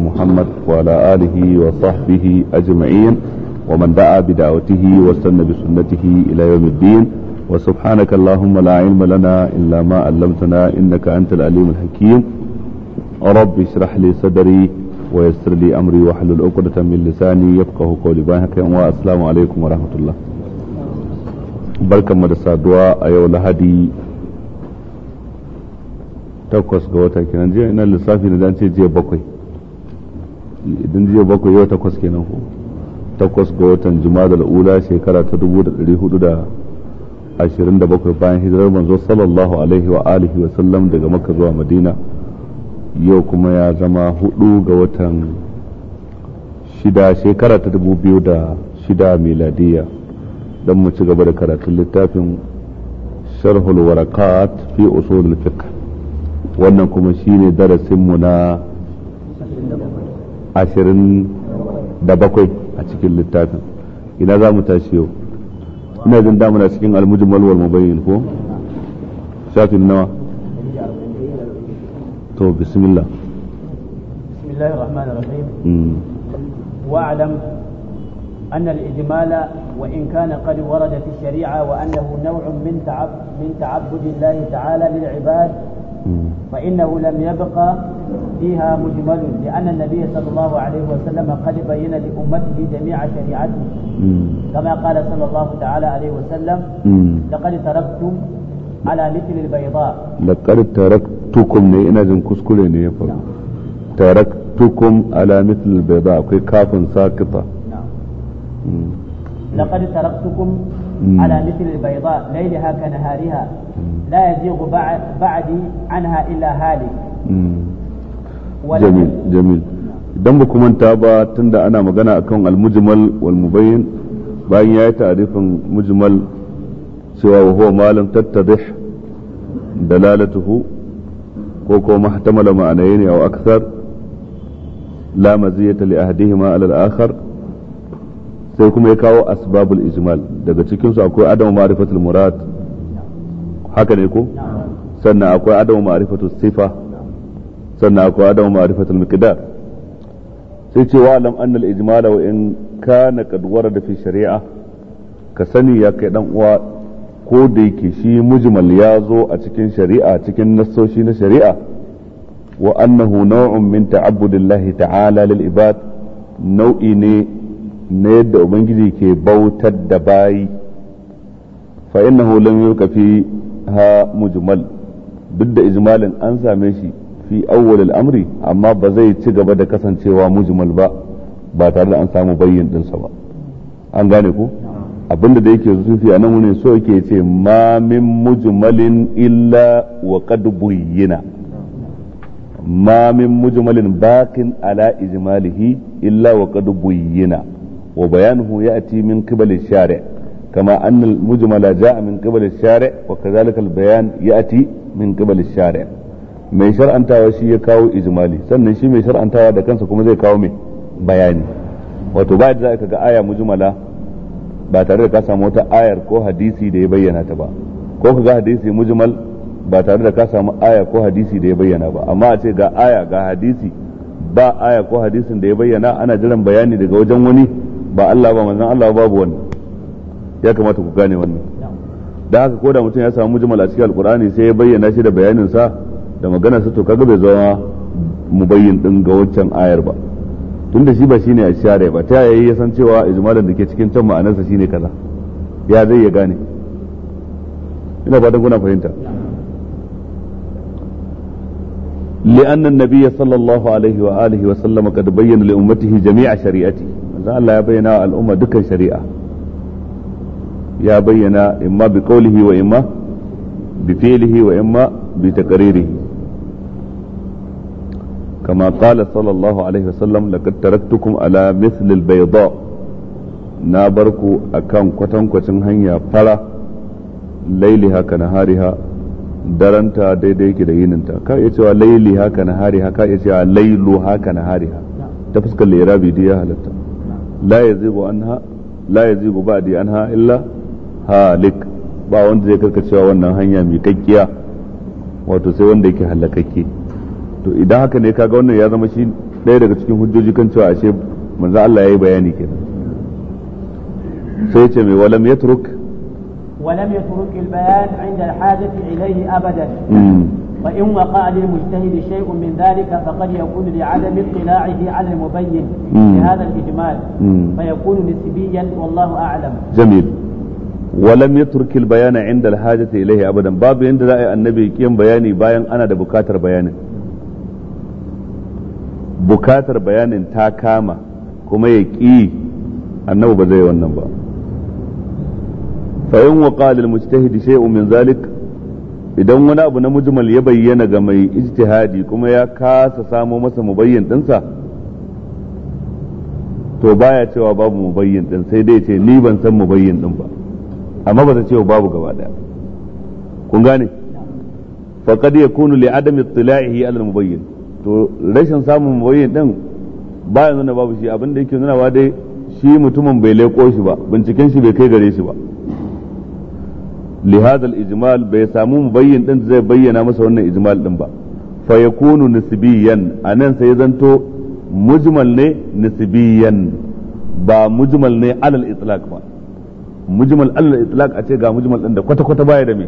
نبينا محمد وعلى آله وصحبه أجمعين ومن دعا بدعوته واستنى بسنته إلى يوم الدين وسبحانك اللهم لا علم لنا إلا ما علمتنا إنك أنت العليم الحكيم رب اشرح لي صدري ويسر لي أمري واحلل عقدة من لساني يفقه قولي بانك والسلام عليكم ورحمة الله barkanmu da saduwa a yau lahadi takwas ga wata kenan jiya ina lissafi da dan ce jiya bakwai idan jiya bakwai yau takwas kenan ko takwas ga watan jumada ula shekara ta dubu da ɗari hudu da ashirin da bakwai bayan hijirar manzo sallallahu alaihi wa alihi wa sallam daga maka zuwa madina yau kuma ya zama hudu ga watan shida shekara ta dubu biyu da shida miladiya don mu ci gaba da karatun littafin sharhul warakat fi usulul fiqh wannan kuma shine darasinmu na ashirin da bakwai a cikin littafin ina za mu tashi yau ina jin damuna cikin almujimal wal mubayyin ko shafin nawa to bismillah bismillahir rahmanir rahim wa'lam أن الإجمال وإن كان قد ورد في الشريعة وأنه نوع من تعب من تعبد الله تعالى للعباد فإنه لم يبقى فيها مجمل لأن النبي صلى الله عليه وسلم قد بين لأمته جميع شريعته كما قال صلى الله تعالى عليه وسلم لقد تركتم على مثل البيضاء لقد تركتكم لإن ina jin kuskure تركتكم على مثل البيضاء ala mithl نعم لقد تركتكم على مثل البيضاء ليلها كنهارها لا يزيغ بعدي عنها هالك جميل جميل idan ba kuma ta ba tunda ana magana akan al wal mubayyin bayan yayi ta'rifin mujmal cewa wa huwa malam lam tattadih dalalatuhu ko ko mahtamala ma'anayn aw akthar la maziyata li ahdihima al-akhar sai kuma ya kawo asbabul ijmal daga cikin su akwai adamu ma'rifatul murad haka ne ko sannan akwai adamu ma'rifatul sifa sannan akwai adamu ma'rifatul miqdar sai ce wa alam annal ijmal wa in kana qad warada fi shari'a ka sani ya kai dan uwa ko da yake shi mujmal ya zo a cikin shari'a cikin nassoshi na shari'a wa annahu naw'un min ta'abbudillahi ta'ala lil ibad nau'i ne na yadda ubangiji ke bautar da bayi fa innahu lam yurkafi ha mujmal duk da ijmalin an same shi fi awwal al'amri amma ba zai ci gaba da kasancewa mujmal ba ba tare da an samu bayyin dinsa ba an gane ko abinda da yake zufi a nan so yake ce ma min mujmalin illa wa qad buyyina ma min mujmalin bakin ala ijmalihi illa wa qad buyyina wa min وبيانه يأتي kama قبل الشارع كما أن min جاء من قبل الشارع وكذلك bayan يأتي min قبل الشارع mai shar'antawa shi ya kawo ijimali sannan shi mai shar'antawa da kansa kuma zai kawo mai bayani wato ba da za ka ga aya mujmala ba tare da ka samu wata ayar ko hadisi da ya bayyana ta ba ko ka ga hadisi mujmal ba tare da ka samu aya ko hadisi da ya bayyana ba amma a ce ga aya ga hadisi ba aya ko hadisin da ya bayyana ana jiran bayani daga wajen wani ba Allah ba manzon Allah babu wani ya kamata ku gane wannan da haka ko da mutum ya samu mujmal a cikin alkur'ani sai ya bayyana shi da bayanin sa da magana sa to kaga bai zama mubayyin din ga waccan ayar ba tunda shi ba shine a share ba ta yayi ya san cewa ijmalan da ke cikin can ma'anarsa shine kaza ya zai ya gane ina fatan kuna fahimta لأن النبي صلى الله عليه وآله وسلم قد بين لأمته جميع شريعته manzo Allah ya bayyana wa al'umma dukkan shari'a ya bayyana imma bi qawlihi wa imma bi fi'lihi wa imma bi taqririhi kama qala sallallahu alaihi wasallam laqad taraktukum ala mithli al-bayda na barku a kan kwatankwacin hanya fara laili haka hariha daranta daidai yake da yininta ka iya cewa laili haka na hariha ka iya cewa lailu haka na hariha ta fuskar lera bidiyar halitta la yazigu anha la yazigu ba'di anha illa halik ba wanda zai karkacewa wannan hanya mai kakkiya wato sai wanda yake halakakke to idan haka ne kaga wannan ya zama shi ɗaya daga cikin hujjoji kan cewa ashe manzo Allah yayi bayani kenan sai ce mai walam yatruk walam yatruk al-bayan 'inda al-hajati ilayhi abadan hmm. وإن وقع للمجتهد شيء من ذلك فقد يكون لعدم اطلاعه على المبين بهذا الإجمال فيكون نسبيا والله أعلم جميل ولم يترك البيان عند الحاجة إليه أبدا باب عند رأي النبي كيم بياني باين أنا da bukatar bayanin bukatar bayanin ta kama kuma ya ƙi annabi ba zai wannan شيء من ذلك idan wani abu na mujmal ya bayyana ga mai ijtihadi kuma ya kasa samo masa mubayyin dinsa to baya cewa babu mubayyin din sai dai ce ni ban san mubayyin din ba amma ba ta cewa babu gaba daya kun gane kad yakunu li adam ittila'ihi ala mubayyin to rashin samun mubayyin din baya nuna babu shi abin da yake nunawa dai shi mutumin bai leko shi ba binciken shi bai kai gare shi ba لهذا الإجمال بيسامو مبين دين زي بينا مسا wannan ijmal din ba fa yakunu nisbiyan anan sai zanto mujmal ne nisbiyan ba mujmal ne alal itlaq ba mujmal alal itlaq ce ga mujmal din da kwata kwata baya da me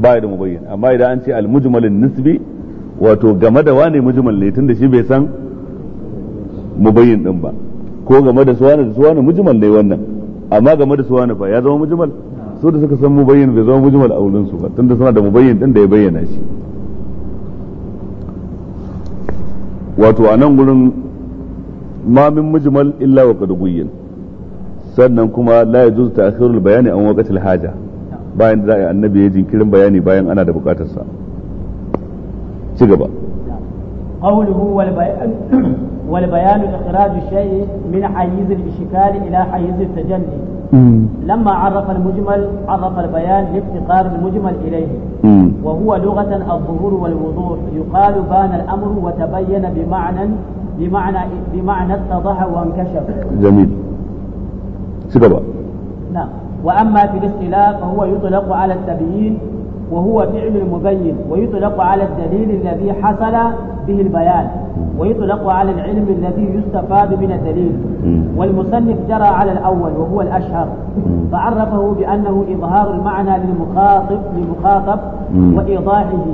baya da mubayyin amma idan an ce al mujmal wato game da wane mujmal ne tunda shi bai san mubayyin din ba ko game da suwana da suwana ne wannan amma game da suwana fa ya zama mujmal su da suka san mubayyin bai zama mujmal a wurin su ba tunda suna da mubayyin din da ya bayyana shi wato a nan gurin ma min mujmal illa wa qad sannan kuma la yajuz ta'khirul bayani an waqtil haja bayan da annabi ya jinkirin bayani bayan ana da bukatarsa ci gaba قوله والبيان إخراج الشيء من حيز الإشكال إلى حيز التجلي لما عرف المجمل عرف البيان لافتقار المجمل إليه وهو لغة الظهور والوضوح يقال بان الأمر وتبين بمعنى بمعنى بمعنى اتضح وانكشف جميل سيبقى. نعم وأما في الاصطلاح فهو يطلق على التبيين وهو فعل مبين ويطلق على الدليل الذي حصل به البيان ويطلق على العلم الذي يستفاد من الدليل والمصنف جرى على الأول وهو الأشهر فعرفه بأنه إظهار المعنى للمخاطب للمخاطب وإيضاحه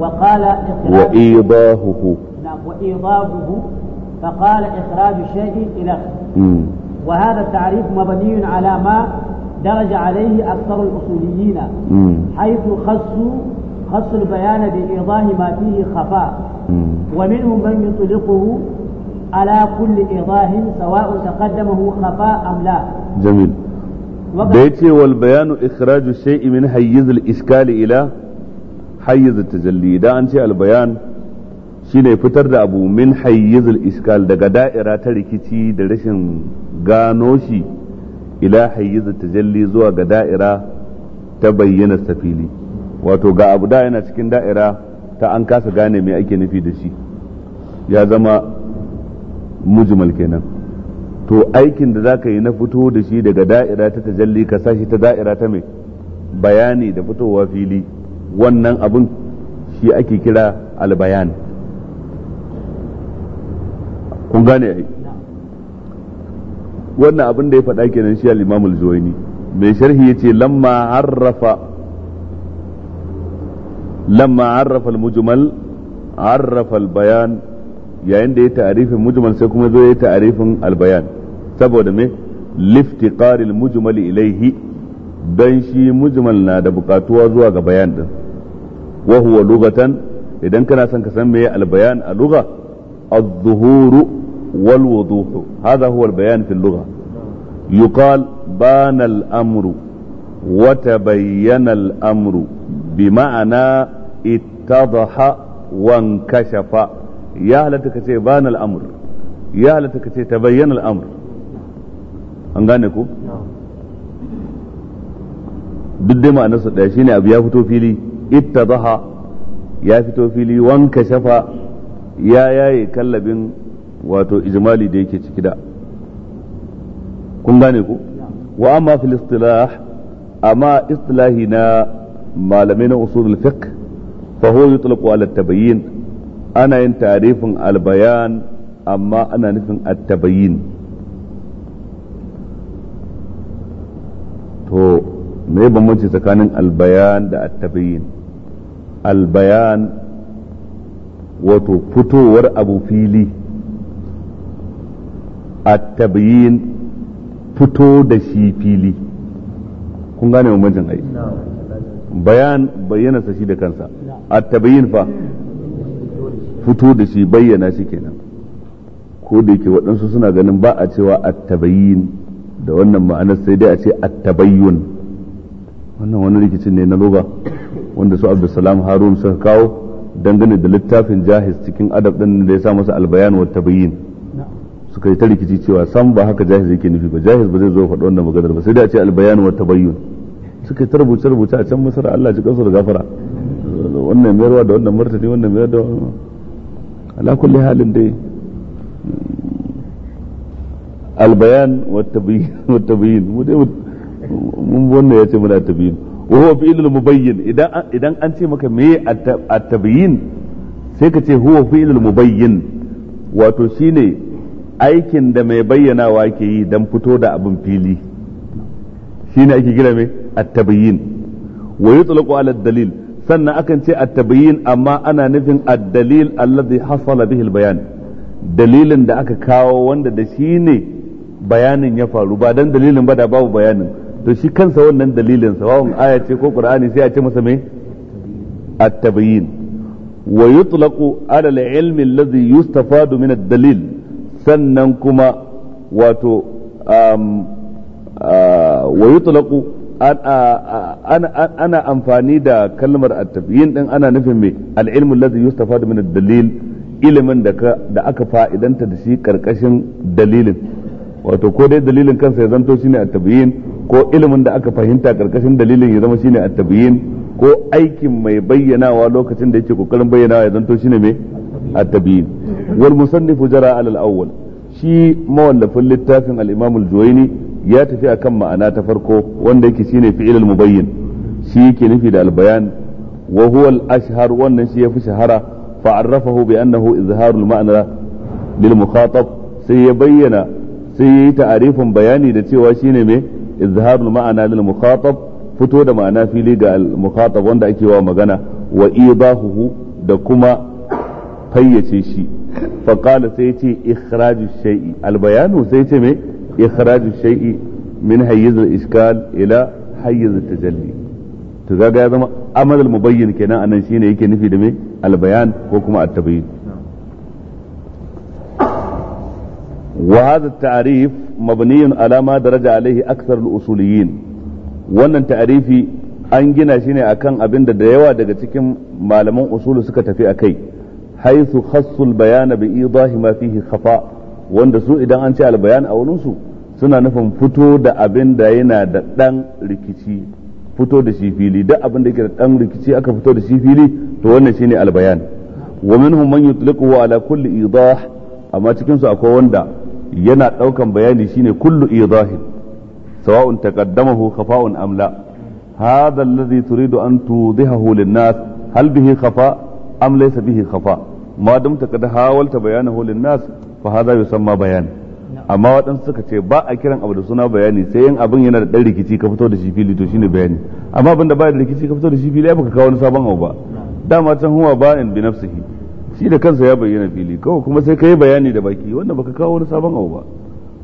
وقال وإيضاحه نعم وإيضاحه فقال إخراج الشيء إلى وهذا التعريف مبني على ما درج عليه أكثر الأصوليين حيث خصوا خص البيان بإيضاح ما فيه خفاء ومنهم من يطلقه على كل إيضاح سواء تقدمه خفاء أم لا جميل بيتي والبيان إخراج الشيء من حيز الإشكال إلى حيز التجلي ده أنت البيان shine fitar da abu min hayyizul iskal daga da'ira ta rikici da rashin gano shi ila hayyizu tajalli zuwa ga da'ira ta bayyana safili wato ga abu da yana cikin da'ira ta an kasa gane me ake nufi da shi ya zama mujmal kenan to aikin da zaka yi na fito da shi daga da'ira ta tajalli ka sashi ta da'ira ta mai bayani da fitowa fili wannan abun shi ake kira albayan kun gane wannan abin da ya faɗa kenan shi al-Imam al-Juwayni mai sharhi yace lamma arrafa lamma arrafa al-mujmal arrafa al-bayan yayin da ya ta'arifin mujmal sai kuma zo ya ta'arifin al-bayan saboda me liftiqar al-mujmal ilayhi dan shi mujmal na da bukatuwa zuwa ga bayan din wa huwa lugatan idan kana son ka san meye al-bayan a lugha az-zuhuru والوضوح هذا هو البيان في اللغة يقال بان الأمر وتبين الأمر بمعنى اتضح وانكشف يا هلتك بان الأمر ya halatta ka ce ta an gane ku duk dai abu ya fito fili ittazaha ya fito fili wanka shafa ya yaye kallabin wato ijimali da yake ciki da kun gane ku wa amma fil istilah amma istilahi na malamai na usulul fiqh fa huwa yutlaqu ala tabayyin ana yin tarifin albayan amma ana nufin at-tabayyin to me bambanci tsakanin albayan da at-tabayyin albayan wato fitowar abu fili at fito da shi fili kun gane majin ai bayan bayyana sa shi da kansa at fa fito da shi bayyana shi kenan ko da yake waɗansu suna ganin ba a cewa at da wannan ma'anar sai dai a ce at-tabayyun wannan wani rikicin ne na loba wanda su Abdulsalam Harun suka kawo dangane da littafin Jahiz cikin adab ɗin da ya sa masa albayan wa tabayin suka yi ta rikici cewa san ba haka jahiz yake nufi ba jahiz ba zai zo faɗi wannan maganar ba sai dai a ce albayan wa tabayyun suka yi ta rubuce rubuce a can misra Allah ji kansu da gafara wannan mayarwa da wannan martani wannan mayar da ala kulli halin dai albayan wa tabayyun wa tabayyun mu dai mun wannan yace muna tabayyun wa huwa fi'lul mubayyin idan idan an ce maka me at-tabayyin sai ka ce huwa fi'lul mubayyin wato shine aikin da mai bayyanawa ke yi don fito da abin fili shine ake kira mai at wa yi yutlaqu ala dalil sannan akan ce at amma ana nufin addalil dalil alladhi hasala bihil bayan dalilin da aka kawo wanda da shi ne bayanin ya faru ba dan dalilin ba da babu bayanin to shi kansa wannan dalilin wawan aya ko qur'ani sai a ce masa me at wa yutlaqu ala al-ilmi alladhi yustafadu min ad-dalil sannan kuma wato um, uh, wa yutlaqu uh, uh, ana amfani da kalmar at-tabyin din ana nufin me al-ilmu alladhi yustafadu min ad-dalil ilimin da da aka fa'idanta da shi karkashin dalilin wato ko dai dalilin kansa ya zanto shine at-tabyin ko ilimin da aka fahimta karkashin dalilin ya zama shine at-tabyin ko aikin mai bayyanawa lokacin da yake kokarin bayyanawa ya zanto shine me a tabiin wal musannif jara ala al-awwal shi mawallafin littafin al-imam juwayni ya tafi akan ma'ana ta farko wanda yake shine fi'il al-mubayyin shi yake nufi da al wahuwal wa huwa wannan shi yafi shahara fa'arrafahu bi annahu izharu al-ma'na lil mukhatab sai ya bayyana sai yayi ta'arifin bayani da cewa shine me izharu al-ma'na lil mukhatab fito da ma'ana fili ga al wanda ake wa magana wa idahuhu da kuma fayyace shi faƙala sai ce ikhraju shay'i albayanu sai ce me ikhraju shay'i min hayyiz iskal ila hayyiz tajalli to zaga ya zama amal mubayyin kenan anan shine yake nufi da me albayan ko kuma at-tabayyin wa hadha at-ta'rif mabniyun ala ma daraja alayhi akthar al-usuliyin wannan ta'rifi an gina shi ne akan abinda da yawa daga cikin malaman usuli suka tafi akai haythu khassul bayana bi idahi ma fihi wanda su idan an ce albayan a wurin suna nufin fito da abin da yana da ɗan rikici fito da shi fili duk abin da yake da ɗan rikici aka fito da shi fili to wannan shine albayan wa minhum man yutliqu ala kulli idah amma cikin su akwai wanda yana ɗaukan bayani shine kullu idahin sawa'un taqaddamahu khafa'un amla la hadha alladhi turidu an tudhihahu lin-nas hal bihi khafa' am laysa bihi khafa' ma dumta kad hawalta bayanahu lin nas fa san ma bayani amma waɗansu suka ce ba a kiran abu da suna bayani sai yin abin yana da ɗan rikici ka fito da shi fili to shine bayani amma abin da ba da rikici ka fito da shi fili ya baka kawo wani sabon abu ba dama can huwa ba'in bi nafsihi shi da kansa ya bayyana fili kawai kuma sai ka yi bayani da baki wanda baka kawo wani sabon abu ba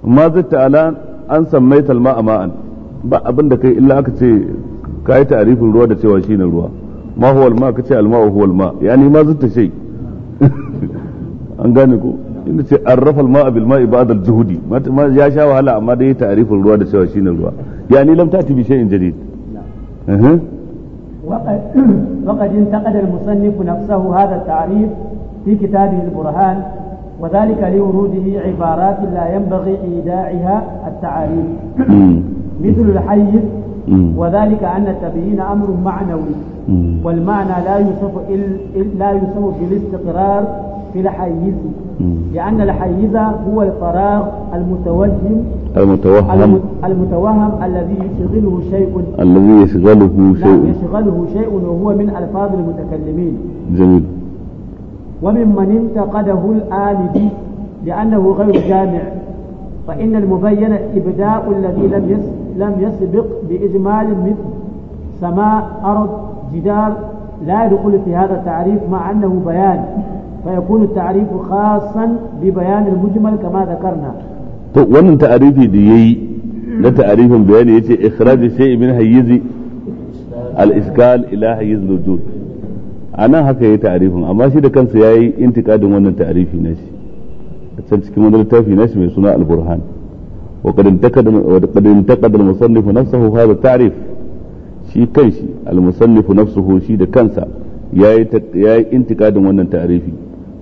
Amma zai ala an mai al a ma'an ba abin da kai illa aka ce ka yi ta'arifin ruwa da cewa shine ruwa ma huwa al-ma kace al-ma'u huwa ma yani ma zitta shay' an gane ko inda ce an rafa maa abil ma ba'da al-zuhudi ya sha wahala amma dai ta'rifin ruwa da cewa shine ruwa ya ni lam ta'ti bi shay'in jadid وقد انتقد المصنف نفسه هذا التعريف في كتابه البرهان وذلك لوروده عبارات لا ينبغي إيداعها التعاريف مثل الحيث وذلك أن التبيين أمر معنوي والمعنى لا يوصف لا يوصف بالاستقرار في الحيز لأن الحيز هو الفراغ المتوهم المتوهم المتوهم الذي يشغله شيء الذي يشغله شيء يشغله شيء وهو من ألفاظ المتكلمين جميل وممن انتقده الآلدي لأنه غير جامع فإن المبين إبداء الذي لم يسبق لم يسبق بإجمال مثل سماء أرض جدار لا يدخل في هذا التعريف مع أنه بيان فيكون التعريف خاصا ببيان المجمل كما ذكرنا وان تعريفي دي لا تعريف بيان إخراج شيء من هيزي الإشكال إلى هيز الوجود أنا هكا هي تعريفهم أما شيء كان سيأي انتقاد من تعريفي ناشي أتسلسك من التعريف ناشي من صناع البرهان وقد انتقد وقد انتقد المصنف نفسه shi kanshi المصنف نفسه shi da kansa yayi yayi intikadin wannan ta'rifi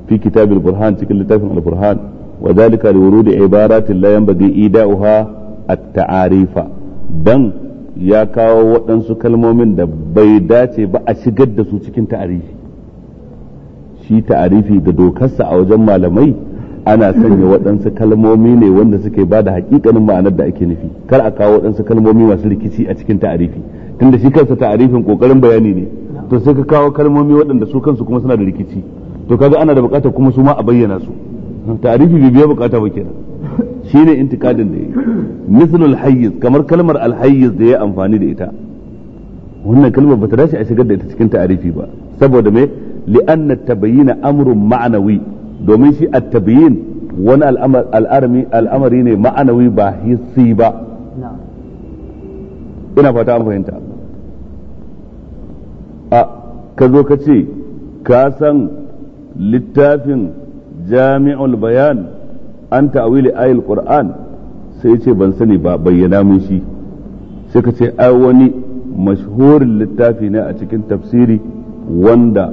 fi kitab al-burhan cikin littafin al-burhan wa zalika li wurudi ibaratin la yanbaghi ida'uha at-ta'arifa dan ya kawo waɗansu kalmomin da bai dace ba a shigar da su cikin ta'arifi shi ta'arifi da dokarsa a wajen malamai ana sanya waɗansu kalmomi ne wanda suke ba da hakikanin ma'anar da ake nufi kar a kawo waɗansu kalmomi masu rikici a cikin ta'arifi tunda shi kansa ta'arifin ƙoƙarin bayani ne to sai ka kawo kalmomi waɗanda su kansu kuma suna da rikici to kaga ana da buƙatar kuma su ma a bayyana su ta'arifi bai biya bukata ba kenan ne intikadin da yi mislul hayyiz kamar kalmar alhayyiz da ya amfani da ita wannan kalmar bata dace a shigar da ita cikin ta'arifi ba saboda me li'anna tabayyana amrun ma'anawi domin shi a tabiyin wani al'amari al'amari ne ma'anawi ba hissi ba ina fata an fahimta a ka zo ka ce ka san littafin jami'ul bayan an ta'awili ayil qur'an sai ce ban sani ba bayyana mun shi sai ka ce ai wani mashhurin littafi ne a cikin tafsiri wanda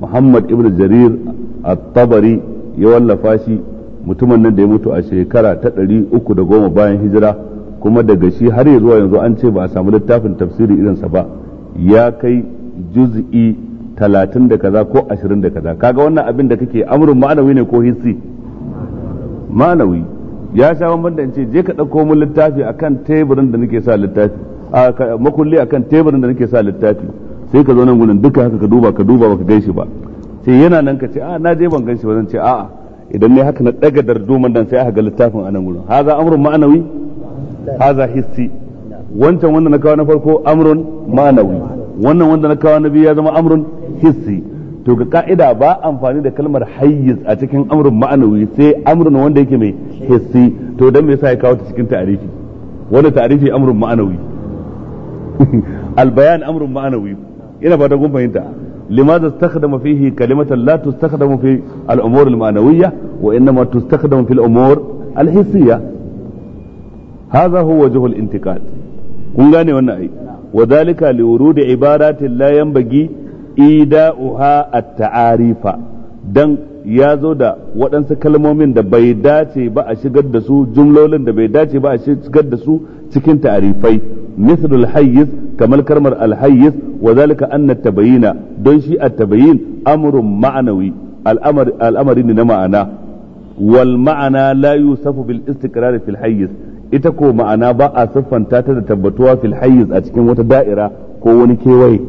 muhammad ibn jarir at-tabari ya wallafa shi mutumin nan da ya mutu a shekara ta ɗari uku da goma bayan hijira kuma daga shi har ya zuwa yanzu an ce ba a samu littafin tafsiri irinsa ba ya kai juz'i talatin da kaza ko ashirin da kaza kaga wannan abin da kake amurin ma'anawi ne ko hissi ma'anawi ya sha bamban da in ce je ka ɗauko min littafi akan teburin da nake sa littafi makulli akan teburin da nake sa littafi sai ka zo nan gudun duka haka ka duba ka duba baka gaishe ba sai yana nan ka ce a ah, na je ban gan shi ba zan ce a'a idan ne haka na daga darduman dan sai aka ga littafin anan gurin haza amrun ma'anawi haza hissi wancan wanda na kawo na farko amrun ma'anawi wannan wanda na kawo na biyu ya zama amrun hissi to ga ka'ida ba amfani da kalmar hayyiz a cikin amrun ma'anawi sai amrun wanda yake mai hissi to dan me yasa ya kawo ta cikin ta'arifi wanda ta'arifi amrun ma'anawi bayan amrun ma'anawi ina fatan kun fahimta لماذا استخدم فيه كلمة لا تستخدم في الأمور المعنوية وإنما تستخدم في الأمور الحسية هذا هو وجه الانتقاد كنغاني ونأي وذلك لورود عبارات لا ينبغي إيداؤها التعاريف دن ya zo da waɗansu kalmomin da bai dace ba a shigar da su jumlolin da bai dace ba a shigar da su cikin ta'arifai mislul hayyiz kamar kalmar alhayyiz wa zalika anna tabayina don shi at-tabayin amrun ma'anawi al'amari ne na ma'ana wal ma'ana la yusafu bil istiqrar fil hayyiz ita ko ma'ana ba a siffanta ta da tabbatuwa fil a cikin wata da'ira ko wani kewaye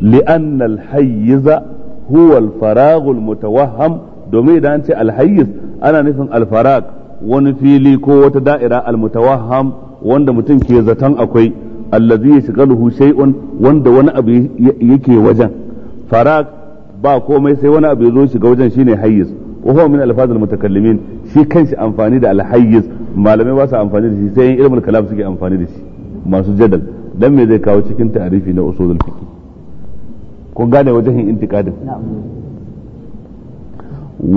li'anna al hayyiza huwa al-faragh mutawahham domin idan an ce al-hayyiz ana nufin al farag wani fili ko wata da'ira al-mutawahham wanda mutum ke zaton akwai allazi yashghaluhu shay'un wanda wani abu yake wajen farag ba komai sai wani abu ya zo shiga wajen shine hayyiz wa huwa min alfaz al-mutakallimin shi kanshi amfani da al-hayyiz malamai ba su amfani da shi sai ilmul kalam suke amfani da shi masu jadal dan me zai kawo cikin ta'arifi na usulul fiqh ko gane wajen yin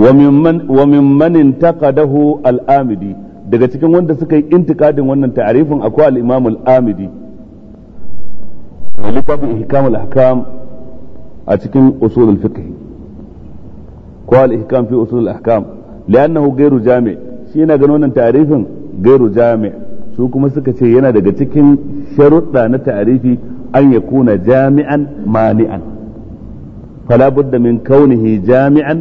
wa mimman wa mimman intaqadahu al-amidi daga cikin wanda suka yi intiqadin wannan ta'arifin akwai al-imam al-amidi mai ihkam al-ahkam a cikin usul al-fiqh ko al-ihkam fi usul al-ahkam li'annahu ghairu jami' shi yana ganin wannan ta'arifin gairu jami' su kuma suka ce yana daga cikin sharuɗa na ta'arifi an yakuna jami'an mani'an فلا بد من كونه جامعا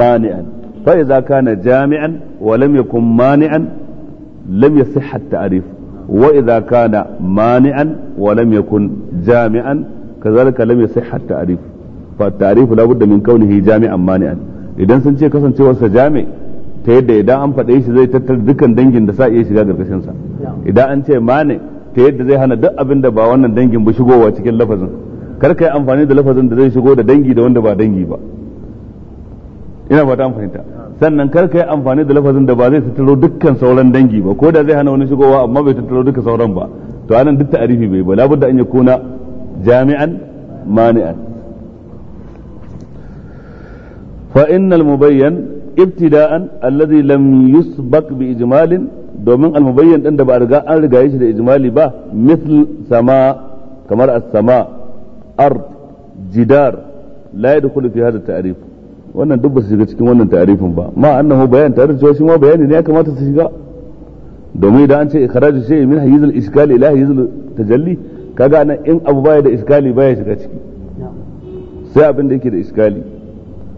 مانعا فإذا كان جامعا ولم يكن مانعا لم يصح التعريف وإذا كان مانعا ولم يكن جامعا كذلك لم يصح التعريف فالتعريف لا بد من كونه جامعا مانعا idan sun ce kasancewarsa jami ta yadda idan an faɗe shi zai tattara dukkan dangin da sa iya shiga ƙarƙashinsa idan an ce mane ta yadda zai hana duk abin da ba wannan dangin ba shigowa cikin lafazin kar ka yi amfani da lafazin da zai shigo da dangi da wanda ba dangi ba ina ba ta fahimta sannan kar ka yi amfani da lafazin da ba zai tattaro dukkan sauran dangi ba ko da zai hana wani shigowa amma bai tattaro duka sauran ba to anan duk ta'arifi bai ba labudda an kuna jami'an mani'an fa innal mubayyan ibtida'an alladhi lam yusbaq bi ijmalin domin almubayyan din da ba riga an riga shi da ijmali ba mithl sama kamar as-sama ard jidar la yadkhulu fi hadha ta'rif wannan duk ba su shiga cikin wannan ta'rifin ba ma annahu bayan ta'rif da shi ma bayani ne ya kamata su shiga domin idan an ce ikhraju shay'in min hayyiz iskal ila hayyiz tajalli kaga nan in abu baya da iskali baya shiga ciki sai abin da yake da iskali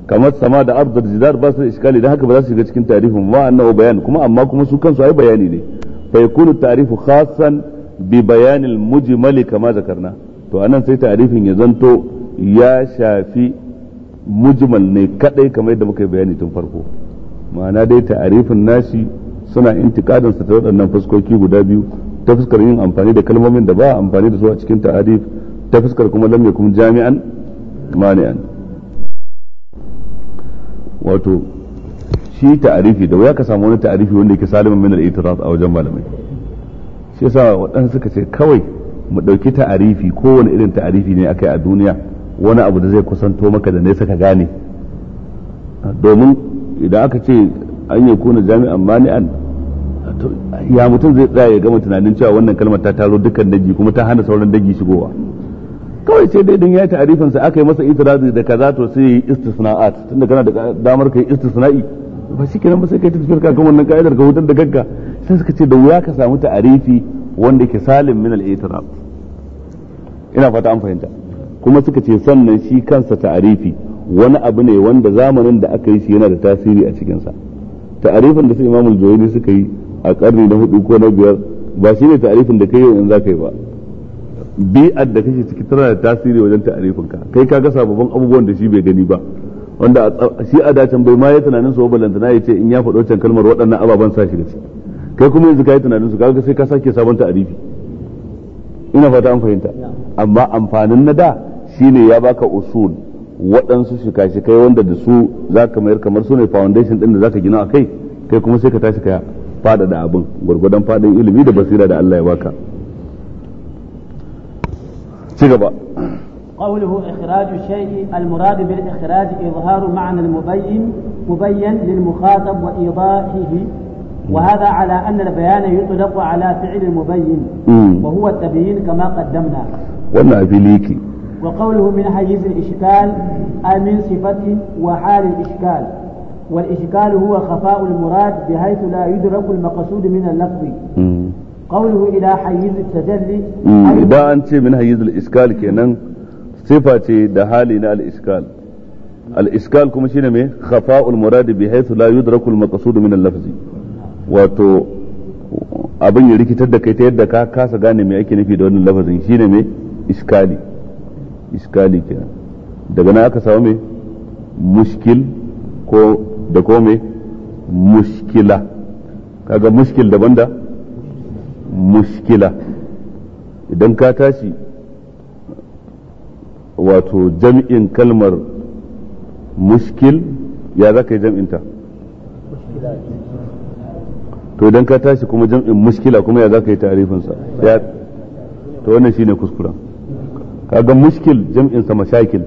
kamar sama da ard jidar ba su da iskali dan haka ba za su shiga cikin ta'rifin ma annahu bayan kuma amma kuma su kansu ai bayani ne fa yakunu tarifu khassan bi bayanil mujmali kama zakarna to anan sai ta'arifin ya zanto ya shafi mujmal ne kadai kamar yadda muka yi bayani tun farko ma'ana dai ta'arifin nashi suna intikadin sa ta waɗannan fuskoki guda biyu ta fuskar yin amfani da kalmomin da ba amfani da su a cikin ta'arif ta fuskar kuma lamme kuma jami'an mani'an wato shi ta'arifi da wuya ka samu wani ta'arifi wanda yake salimin min al-itiraz a wajen malamai shi yasa waɗansu suka ce kawai mu ɗauki ta'arifi kowane irin ta'arifi ne akai a duniya wani abu da zai kusanto maka da nesa ka gane domin idan aka ce an yi kuna jami'an mani'an ya mutum zai tsaya ya gama tunanin cewa wannan kalmar ta taro dukkan dangi kuma ta hana sauran dangi shigowa kawai sai dai don ya ta'arifin sa aka yi masa itirazi da kaza to sai yi istisna'at tunda kana da damar kai istisna'i ba shi kenan ba sai kai tafiyar ka kan wannan ka'idar ka hutar da gagga sai suka ce da wuya ka samu ta'arifi wanda ke salim min al ina fata an fahimta kuma suka ce sannan shi kansa ta'arifi wani abu ne wanda zamanin da aka yi shi yana da tasiri a cikinsa ta'arifin da su imamul juwaini suka yi a karni na hudu ko na biyar ba shi ne ta'arifin da kai yau in za ka yi ba bi'ar da kake ciki tana da tasiri wajen ta'arifinka kai ka ga sababbin abubuwan da shi bai gani ba wanda shi a dacin bai ma ya tunanin su tana na ce in ya faɗo can kalmar waɗannan ababen sa shi ciki kai kuma yanzu yi tunanin su kaga sai ka sake sabon ta'arifi ina fata an fahimta amma amfanin na da shine ya baka usul waɗansu shika kai wanda da su za ka mayar kamar su ne foundation ɗin da za ka gina a kai kai kuma sai ka tashi ka fada da abin gwargwadon fadin ilimi da basira da Allah ya baka ci gaba قوله إخراج الشيء المراد بالإخراج إظهار معنى المبين مبين للمخاطب وإيضاحه وهذا على أن البيان يطلق على فعل المبين وهو التبيين كما قدمنا وما بليكي وقوله من حيز الإشكال أي من صفة وحال الإشكال والإشكال هو خفاء المراد بحيث لا يدرك المقصود من اللفظ قوله إلى حيز التجلي إذا أنت من حيز الإشكال كنن sifa ce da hali na al-iskal al-iskal kuma shine me khafa'ul muradi bi haythu la yudraku al-maqsud min al-lafzi wato abin ya rikitar da kai ta yadda ka kasa gane me ake nufi da wannan lafazin shine me iskali iskali kenan daga nan aka samu me mushkil ko da ko me mushkila kaga mushkil daban da mushkila idan ka tashi wato jam'in kalmar muskil ya za ka yi jam'inta to idan ka tashi kuma jam'in muskila kuma ya za ka yi tarifinsa ya to wannan shine kuskura kaga muskil jam'in sa mashakil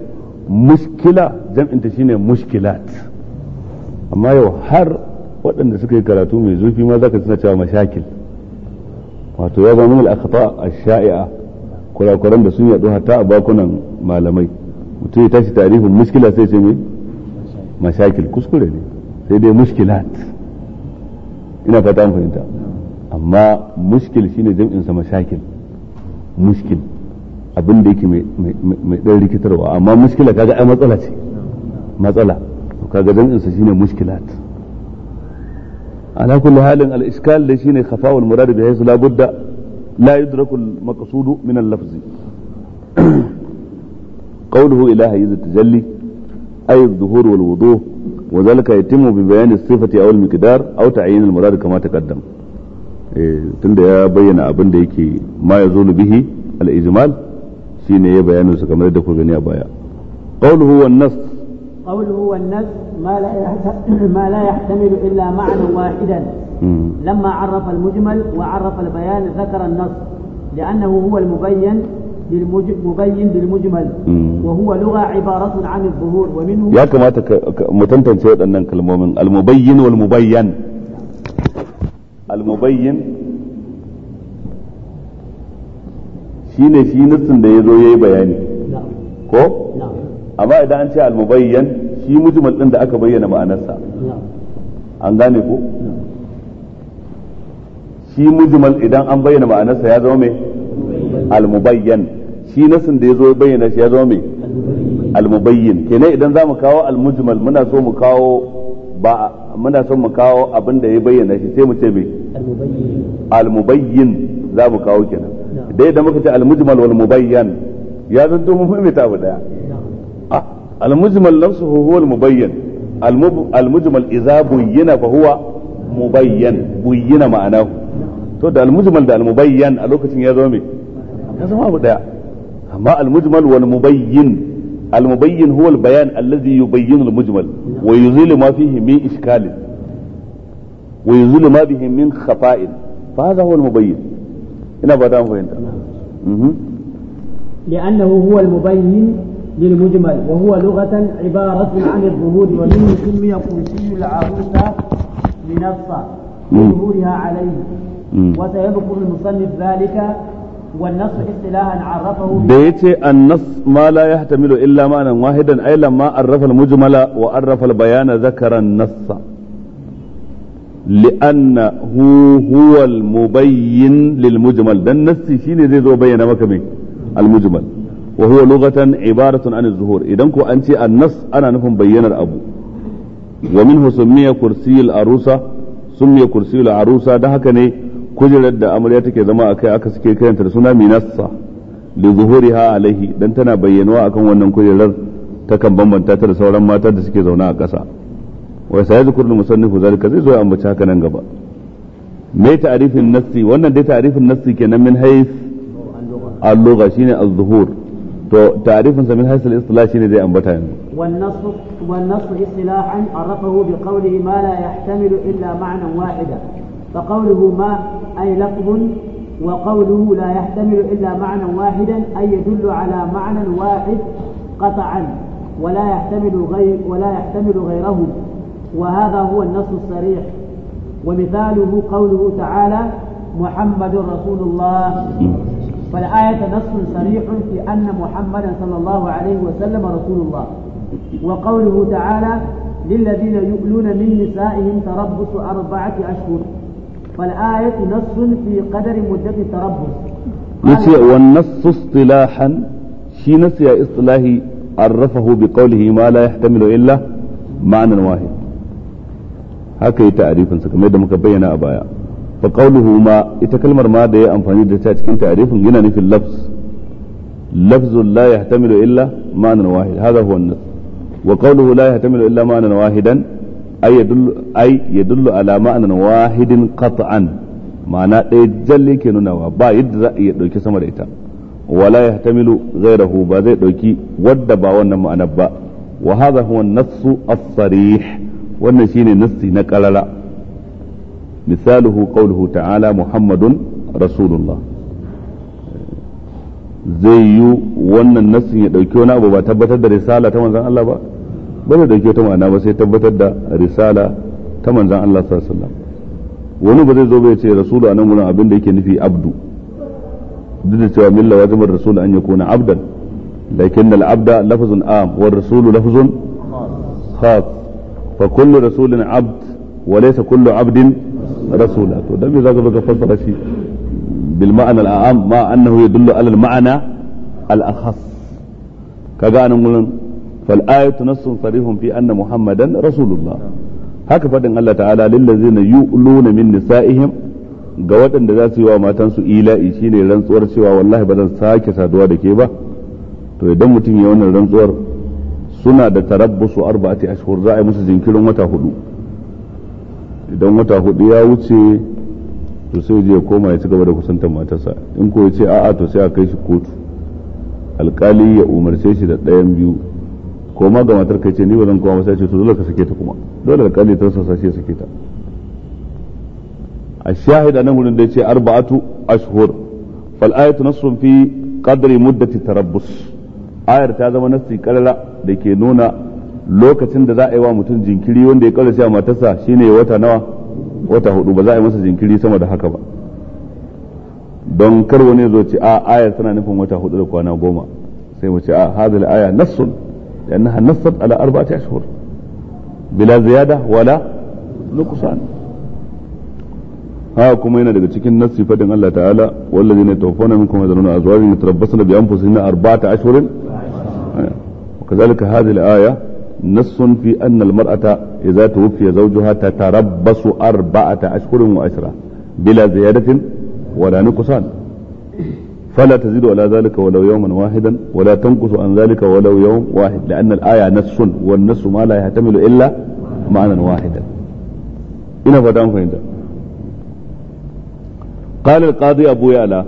muskila jam'in ta shine muskilat amma yau har waɗanda suka yi karatu mai zurfi ma za ka tana cewa mashakil wato ya zama min al-akhta ash-sha'i'a kurakuran da sun yadu hatta a bakunan malamai mutum ya tashi tarihin muskila sai ce me mashakil kuskure ne sai dai muskilat ina fata an fahimta amma muskil shine jam'in sa mashakil muskil abin da yake mai ɗan rikitarwa amma muskila kaga ai matsala ce matsala to kaga jam'in sa shine muskilat ala kulli halin al-iskal da shine wal murad bi haythu la budda لا يدرك المقصود من اللفظ قوله إله إذا التجلي أي الظهور والوضوح وذلك يتم ببيان الصفة أو المقدار أو تعيين المراد كما تقدم إيه، تندى يا بين أبن ديكي ما يزول به الإجمال سين يا بيان سكمل دكتور بني أبايا قوله والنص قوله والنص ما لا يحتمل إلا معنى واحدا لما عرف المجمل وعرف البيان ذكر النص لأنه هو المبين مبين بالمجمل وهو لغة عبارة عن الظهور ومنه يا كما متنتن سيد أن كلمة المبين والمبين المبين shine shi nassin da ya zo ya yi bayani ko amma idan an ce almubayyan shi mujmal din da aka bayyana ma'anarsa an gane ko shi mujmal idan an bayyana ma'anarsa ya zama mai almubayyan shi nasin da ya zo bayyana shi ya zama mai almubayyin kenan idan za mu kawo almujmal muna so mu kawo ba muna so mu kawo abin da ya bayyana shi sai mu ce mai almubayyin za mu kawo kenan da idan muka ce almujmal wal mubayyan ya zanto ta fahimta abu daya almujmal nafsuhu huwa almubayyan almujmal idza buyyina fa huwa mubayyan buyyina ma'anahu to da almujmal da almubayyan a lokacin ya zama me ya zama abu daya amma almujmal wal mubayyin المبين هو البيان الذي يبين المجمل ويزيل ما فيه من إشكال ويزيل ما به من خفاء فهذا هو المبين هنا بدأ فهمت لأنه هو المبين للمجمل وهو لغة عبارة عن الظهور ومنه سمي قوسي العروسة لنفسه لظهورها عليه وسيذكر المصنف ذلك والنص اصطلاحا عرفه بيتي النص ما لا يحتمل الا معنى واحدا اي لما عرف المجمل وعرف البيان ذكر النص لأنه هو المبين للمجمل ده النص شيني زي زو بينا مكمي المجمل وهو لغة عبارة عن الظهور إذا كو أنت النص أنا نفهم بين الأبو ومنه سمي كرسي العروسة سمي كرسي العروسة ده هكذا kujerar da amarya take zama a kai aka suke kiranta da suna minassa li zuhuriha alaihi dan tana bayyanuwa akan wannan kujerar takan bambanta ta da sauran mata da suke zaune a ƙasa wai wa sayadhkuru al-musannifu zalika zai zo ya ambaci haka nan gaba me ta'rifin nassi wannan dai ta'rifin nassi kenan min hayth al-lugha shine az-zuhur to ta'rifin sa min hayth al-istilah shine zai ambata yanzu والنص والنص اصطلاحا عرفه بقوله ما لا illa الا wahida واحدا فقوله ma. أي لفظ وقوله لا يحتمل إلا معنى واحدا أي يدل على معنى واحد قطعا ولا يحتمل غير ولا يحتمل غيره وهذا هو النص الصريح ومثاله قوله تعالى محمد رسول الله فالآية نص صريح في أن محمدا صلى الله عليه وسلم رسول الله وقوله تعالى للذين يؤلون من نسائهم تربص أربعة أشهر فالآية نص في قدر مدة التربص يسيء والنص اصطلاحا شي نسي اصطلاحي عرفه بقوله ما لا يحتمل إلا معنى واحد haka yi ta'arifin kamar da muka bayyana a baya fa qawluhu ma ita kalmar ma da ya amfani da ta cikin ta'arifin yana nufin lafz lafzun la yahtamilu illa ma'nan wahid hadha huwa an-nas wa qawluhu la yahtamilu illa ma'nan wahidan ay yadullu ay yadullu ala wahidin qat'an ma'ana ɗaya jalle ke nunawa ba yadda za iya ɗauki sama da ita wala yahtamilu ghayrahu ba zai ɗauki wadda ba wannan ma'anar ba wa nassu as-sarih wannan shine nassi na qarara misaluhu qawluhu ta'ala muhammadun rasulullah zai yi wannan nassin ya ɗauki wani abu ba tabbatar da risala ta manzon Allah ba ba zai dauke ta ma'ana ba sai tabbatar da risala ta manzan Allah sallallahu alaihi wasallam wani ba zai zo bai ce rasulu a nan wurin abin da yake nufi abdu duk da cewa milla wajibar rasulu an ya kuna abdan lakin al abda lafzun am wa rasulu lafzun khas fa kullu rasulin abd wa laysa kullu abdin rasula to dan me zaka baka fassara shi bil ma'ana al am ma annahu yadullu ala al ma'ana al akhas kaga anan wurin fal ayatu nassun sarihun fi anna muhammadan rasulullah haka fadin Allah ta'ala lillazina yu'luna min nisa'ihim ga waɗanda za su yi wa matansu ila'i shine rantsuwar cewa wallahi ba zan sake saduwa da ke ba to idan mutum ya wannan rantsuwar suna da tarabbusu arba'ati ashhur za a musu jinkirin wata hudu idan wata hudu ya wuce to sai je ya koma ya ci gaba da kusanta matarsa in ko ya ce a'a to sai a kai shi kotu alkali ya umarce shi da ɗayan biyu koma ga matar kai ce ni ba zan koma sai ce to dole ka sake ta kuma dole da alƙali ta sa ya sake ta a shahida nan wurin da ce arba'atu ashhur fal ayatu nasrun fi qadri muddati tarabbus ayar ta zama nassi karara da ke nuna lokacin da za a yi wa mutum jinkiri wanda ya shi a matarsa shine wata nawa wata hudu ba za a yi masa jinkiri sama da haka ba don kar wani zo ce a ayar tana nufin wata hudu da kwana goma sai mu ce a hadal aya nassun لأنها نصت على أربعة أشهر بلا زيادة ولا نقصان ها kuma yana daga cikin nassi fadin Allah ta'ala wallazi ne tawaffana minkum yadruna azwajin yatarabbasna bi anfusihinna arba'ata ashhurin وكذلك هذه الآية نص في أن المرأة إذا توفي زوجها تتربص أربعة أشهر وعشرة بلا زيادة ولا نقصان فلا تزيد على ذلك ولو يوما واحدا ولا تنقص عن ذلك ولو يوم واحد لأن الآية نص والنص ما لا يحتمل إلا معنى واحدا إن فتان فهمت قال القاضي أبو يعلى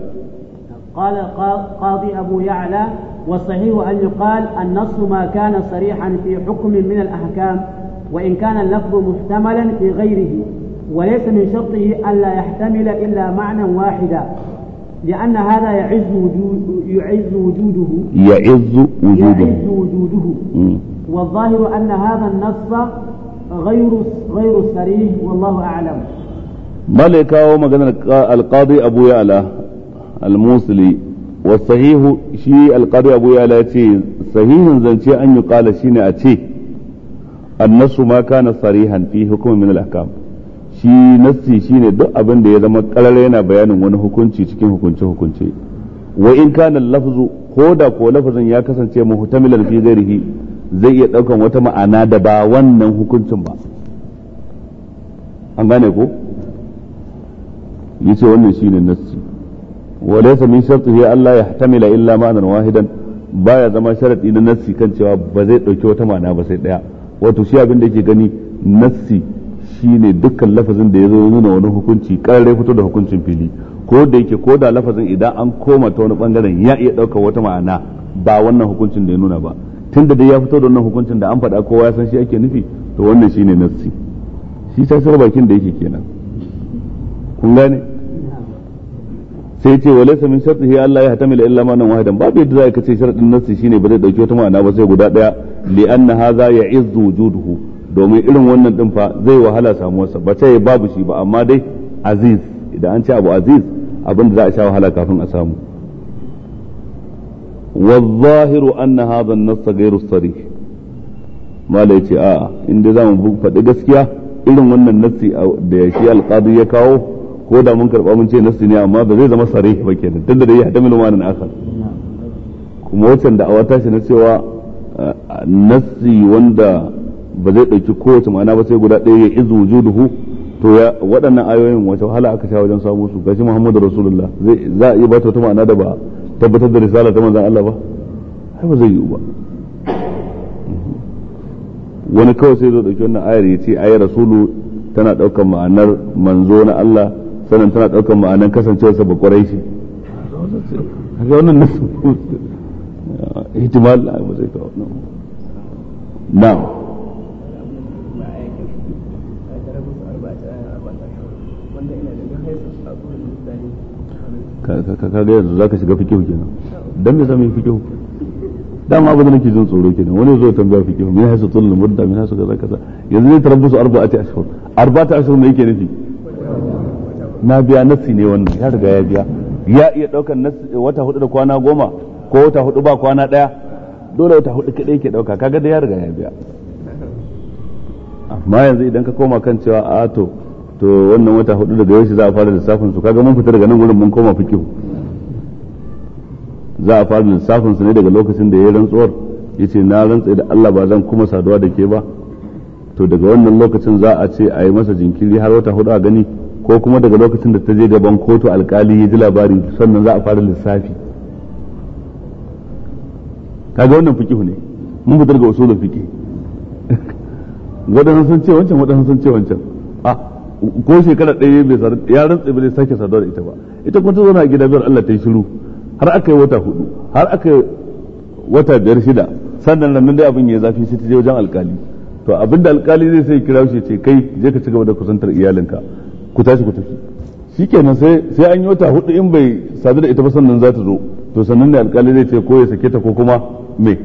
قال القاضي أبو يعلى والصحيح أن يقال النص ما كان صريحا في حكم من الأحكام وإن كان اللفظ محتملا في غيره وليس من شرطه ألا يحتمل إلا معنى واحدا لأن هذا يعز وجود يعز وجوده يعز وجوده يعز وجوده والظاهر أن هذا النص غير غير صريح والله أعلم مالك ومجد القاضي أبو يعلى الموصلي والصحيح شيء القاضي أبو يعلى يتي صحيح زنتي أن يقال شيء أتي النص ما كان صريحا في حكم من الأحكام shi nassi shine duk abin da ya zama karara yana bayanin wani hukunci cikin hukunce hukunce wa in kana lafzu ko da ko lafzin ya kasance muhtamilan fi ghairihi zai iya daukan wata ma'ana da ba wannan hukuncin ba an gane ko yace wannan shine nassi wa laysa min shartihi Allah yahtamila illa ma'nan wahidan baya zama sharadi na nassi kan cewa ba zai dauki wata ma'ana ba sai daya wato shi abin da yake gani nassi shine dukkan lafazin da ya zo nuna wani hukunci karare fito da hukuncin fili ko da yake ko da lafazin idan an koma ta wani bangaren ya iya dauka wata ma'ana ba wannan hukuncin da ya nuna ba tun da dai ya fito da wannan hukuncin da an faɗa kowa ya san shi ake nufi to wannan shi ne nassi shi tasirar bakin da yake kenan kun gane sai ce wa laysa min shartihi Allah ya hatamila illa ma nan wahidan babu yadda za ka ce sharadin nassi shine ba zai dauki wata ma'ana ba sai guda daya li anna hadha ya'izzu wujuduhu domin irin wannan din fa zai wahala samuwarsa ba ta babu shi ba amma dai aziz idan an ce abu aziz abin da za a sha wahala kafin a samu والظاهر أن هذا النص غير الصريح ما ليتي آه إن دي za mu faɗi gaskiya irin wannan nassi da ya shi alqadi ya kawo ko da mun karba mun ce nassi ne amma ba zai zama sarih ba kenan tunda da ya hadamilu ma'anan akal kuma wacce da awata shi na cewa eh, nassi wanda ba zai ɗauki kowace ma'ana ba sai guda ɗaya ya izu wujuduhu to ya waɗannan ayoyin wata wahala aka sha wajen samu su gashi Muhammadu Rasulullah zai za a iya ba ta wata ma'ana da ba tabbatar da risala ta manzon Allah ba ai ba zai yi ba mhm. wani kawai sai zo ɗauki wannan ayar ya ce ayar rasulu tana ɗaukar ma'anar manzo na Allah sannan tana ɗaukar ma'anar kasancewarsa ba kwarai shi haka wannan nasu ihtimal ba zai na'am kaga yanzu zaka shiga fikihu kenan dan me zamu yi fikihu dan abu da nake jin tsoro kenan wani zo tambaya fikihu me hasu tullu mudda me hasu kaza kaza yanzu ne tarabbusu arba'ati ashhur arba'ati ashhur me yake nufi na biya nasi ne wannan ya riga ya biya ya iya daukan eh, wata hudu da kwana goma ko wata hudu ba kwana daya dole wata hudu kadai yake dauka kaga da ya riga ya biya amma yanzu idan ka koma kan cewa a to to wannan wata hudu daga yau za a fara lissafin su kaga mun fita daga nan gurin mun koma fikihu za a fara lissafin su ne daga lokacin da ya rantsuwar yace na rantsa da Allah ba zan kuma saduwa da ke ba to daga wannan lokacin za a ce a yi masa jinkiri har wata hudu a gani ko kuma daga lokacin da ta je gaban kotu alkali ya ji labarin sannan za a fara lissafi kaga wannan fikihu ne mun fitar ga usulul fiqh wadannan sun ce wancan wadannan sun ce wancan a ah, ko shekara ɗaya mai sadu ya rantsa bai sake saduwa da ita ba ita kuma ta zauna a gida biyar Allah ta yi shiru har aka yi wata hudu har aka yi wata biyar shida sannan nan dai abin ya zafi sai ta je wajen alkali to abinda alkali zai sai kira shi ce kai je ka ci gaba da kusantar iyalinka ku tashi ku tafi shikenan sai sai an yi wata hudu in bai sadu da ita ba sannan za ta zo to sannan ne alkali zai ce ko ya sake ta ko kuma me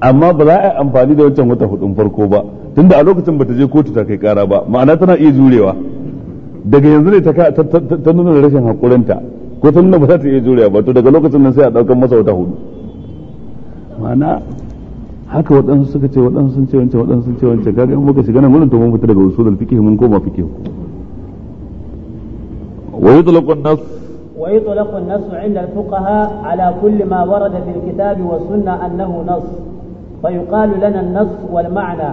amma ba za a yi amfani da wancan wata hudun farko ba tunda a lokacin bata je kotu ta kai kara ba ma'ana tana iya jurewa daga yanzu ne ta ta nuna rashin hakurinta ko ta nuna ba za ta iya jurewa ba to daga lokacin nan sai a daukan masa wata hudu ma'ana haka waɗansu suka ce waɗansu sun ce wancan waɗansu sun ce wancan kaga in muka shiga nan gurin to mun fita daga usulul fiqh mun koma fiqh wa yutlaqu an-nas ويطلق النص عند الفقهاء على كل ما ورد في الكتاب والسنة أنه نص فيقال لنا النص والمعنى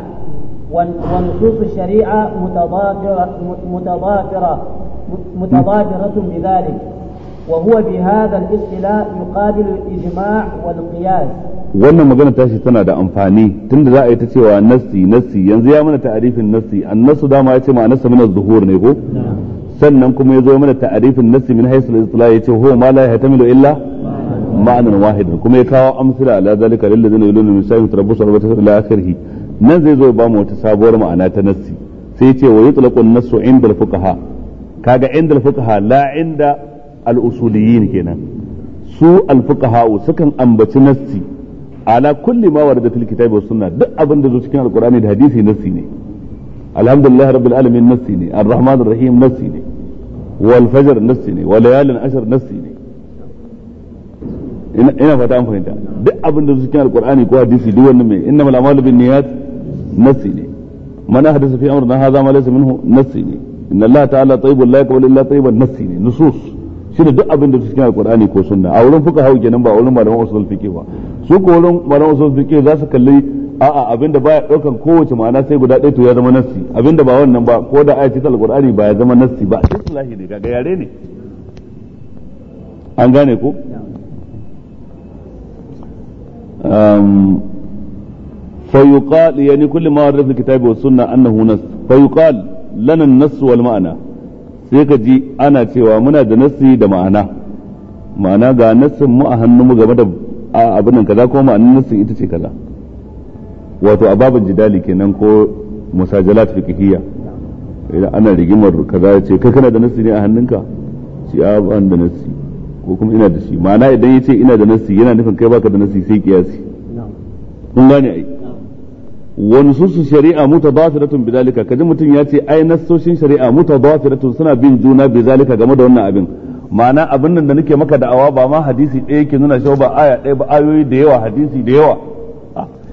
ونصوص الشريعة متضافرة متضافرة متضافرة بذلك وهو بهذا الاصطلاح يقابل الإجماع والقياس wannan magana tashi tana da amfani tunda za a yi ta cewa nassi nassi yanzu ya mana ta'arifin nassi annasu dama ya ce ma'anarsa min az-zuhur ne ko sannan kuma ya zo mana ta'arifin nassi min haythu al-istilah ya ce huwa ma la yahtamilu illa ma'anan wahidan kuma ya kawo amsala ala zalika lil ladina yuluna min sa'i tarabbusu wa ila akhirih nan zai zo ba mu wata sabuwar ma'ana ta nassi sai ya ce wa yutlaqu an-nassu inda al-fuqaha kaga inda al-fuqaha la inda al kenan su al-fuqaha sukan ambaci nassi ala kulli ma warada fil kitabi was sunna duk abin da zo da hadisi nassi ne alhamdulillah rabbil alamin nassi ne rahim ne ne ne ina fata an fahimta duk abin da cikin alkur'ani ko hadisi duk wannan mai mal a'malu binniyat nasi ne man hadisa fi amrina hadha ma laysa minhu nasi ne inna allaha ta'ala tayyibul la yaqbalu illa tayyiban nasi ne nusus shi duk abin da cikin al'kur'ani ko sunna a wurin fuka hau kenan ba a wurin malaman usul fiqi ba su ko wurin malaman usul fiqi za su kalli a'a abinda baya daukan kowace ma'ana sai guda ɗaya to ya zama abin abinda ba wannan ba ko da ayati ta al'kur'ani ba ya zama nasi ba islahi ne kaga yare ne an gane ko فيقال يعني كل ما ورد في الكتاب والسنة أنه نص فيقال لنا النص والمعنى سيكا جي أنا تيوا منا دا نصي دا معنى معنى دا نص ما أهنم غمد أبنا كذا كوما أن نصي إتشي كذا وتو a الجدال jidali kenan مساجلات musajalat fiqhiyya idan ana rigimar kaza ya ce kai kana da nasi ne a hannunka shi ko kuma ina da shi ma'ana idan ya ce ina da nasi yana nufin kai baka da nasi sai kiyasi kun gane ai wani susu shari'a mutadafiratun bidalika kaji mutum ya ce ai nasoshin shari'a mutadafiratun suna bin juna bizalika game da wannan abin ma'ana abin nan da nake maka da'awa ba ma hadisi ɗaya ke nuna shau ba aya ɗaya ba ayoyi da yawa hadisi da yawa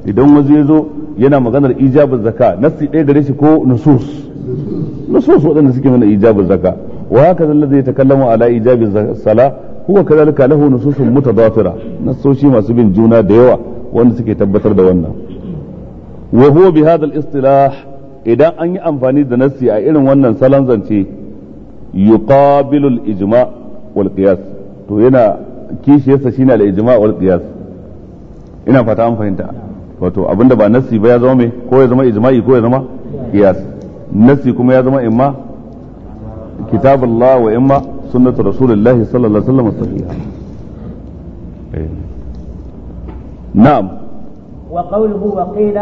idan wazo ya zo yana maganar ijabin zaka nasi ɗaya gare shi ko nusus nusus waɗanda suke mana ijabin zaka wa haka zalla zai takallamu ala ijabin sala huwa kadhalika lahu nususun mutadafira nasoshi masu bin juna da yawa wanda suke tabbatar da wannan wa huwa bi hadha al-istilah idan an yi amfani da nassi a irin wannan salon zance yuqabilu al-ijma wal qiyas to yana kishiyarsa shine da ijma wal qiyas ina fata an fahimta wato abinda ba nassi ba ya zama mai ko ya zama ijma'i ko ya zama qiyas nassi kuma ya zama imma kitabullah wa imma سنة رسول الله صلى الله عليه وسلم الصحيحة نعم وقوله وقيل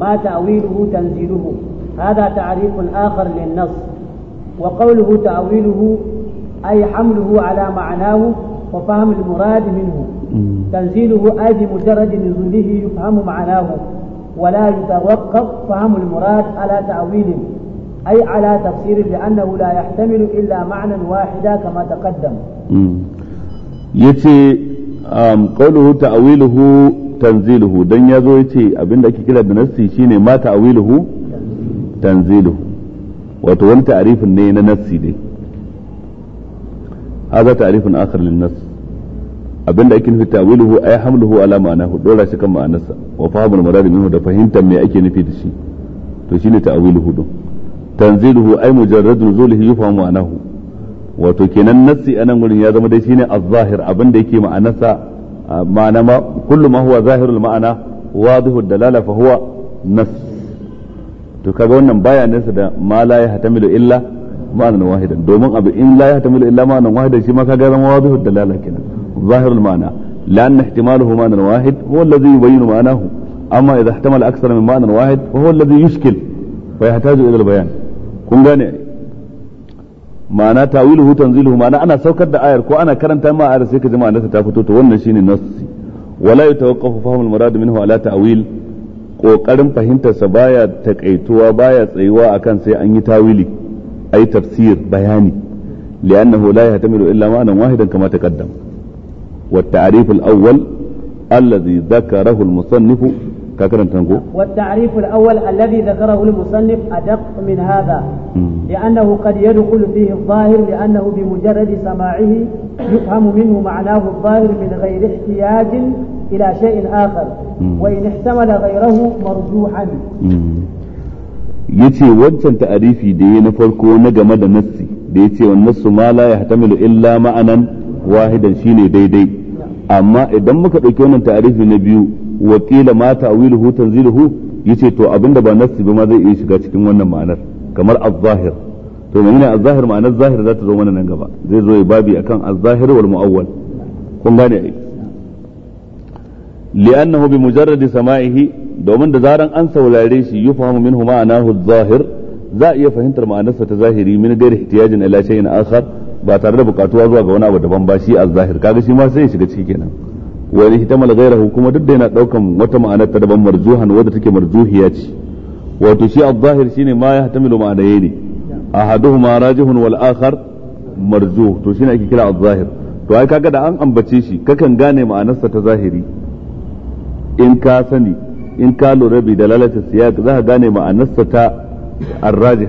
ما تأويله تنزيله هذا تعريف آخر للنص وقوله تأويله أي حمله على معناه وفهم المراد منه تنزيله أي بمجرد نزوله يفهم معناه ولا يتوقف فهم المراد على تأويله أي على تفسير لأنه لا يحتمل إلا معنى واحدا كما تقدم يتي قوله تأويله tanziluhu dan ya zo ya ce abinda ake kira da nassi shine ma ta'awiluhu tanziluhu wato wani ta'arifin ne na nassi dai haza ta'arifin akhar lin abinda ake nufi ta'awiluhu ay hamluhu ala ma'anahu dora shi kan ma'anarsa wa fahimul murad minhu da fahimtar me ake nufi da shi to shine ta'awiluhu din tanziluhu ai mujarrad nuzulihi yufhamu ma'anahu wato kenan nassi anan gurin ya zama dai shine az-zahir abin da yake ma'anarsa ma'ana ma kullu ma huwa zahirul ma'ana wadihu dalala fa huwa nass to kaga wannan baya nesa da ma la yahtamilu illa ma'anan wahidan domin abu in la yahtamilu illa ma'anan wahidan shi ma kaga zama wadihu dalala kenan zahirul ma'ana لأن احتماله معنى واحد هو الذي يبين معناه أما إذا احتمل أكثر من معنى واحد فهو الذي يشكل ويحتاج إلى البيان kun gane ma'ana tawiluhu tanziluhu ma'ana ana saukar da ayar ko ana karanta ma ayar sai ka ji ma'anarsa ta fito to wannan shine nassi wala yatawaqqafu fahmu al-murad minhu ala ta'wil kokarin fahimtar sa baya takaituwa baya tsayuwa akan sai an yi tawili ay tafsir bayani li'annahu la yahtamilu illa ma'anan wahidan kama taqaddam wa at taqaddama والتعريف الأول الذي ذكره المصنف ka karanta ko والتعريف الأول الذي ذكره المصنف أدق من هذا لأنه قد يدخل فيه الظاهر لأنه بمجرد سماعه يفهم منه معناه الظاهر من غير احتياج إلى شيء آخر وإن احتمل غيره مرجوحا yace wancan ta'arifi da ya na farko na game da nassi da yace wannan su ma la yahtamilu illa ma'anan wahidan shine daidai amma idan muka ɗauki wannan ta'arifi na biyu wa qila ma ta'wiluhu tanziluhu yace to abinda ba nassi ba ma zai iya shiga cikin wannan ma'anar kamar az-zahir to menene az-zahir ma'anar zahir za ta zo mana nan gaba zai zo ya babi akan az-zahir wal mu'awwal kun gane ai li'annahu bi mujarrad sama'ihi domin da zaran an saurare shi yufahamu minhu ma'anahu az-zahir za a iya fahimtar ma'anarsa ta zahiri min gairi ihtiyajin ila shay'in akhar ba tare da bukatuwa zuwa ga wani abu daban ba shi az-zahir kaga shi ma sai ya shiga ciki kenan wa in ihtamala ghayrahu kuma duk da yana daukan wata ma'anar ta daban marjuhan wadda take marjuhiya ce wato shi al zahir shine ma ya yahtamilu ma'anayni ahaduhuma rajihun wal akhar marjuh to shine ake kira al zahir to ai kaga da an ambace shi kakan gane ma'anarsa ta zahiri in ka sani in ka lura bi dalalata siyaq za ka gane ma'anarsa ta ar rajih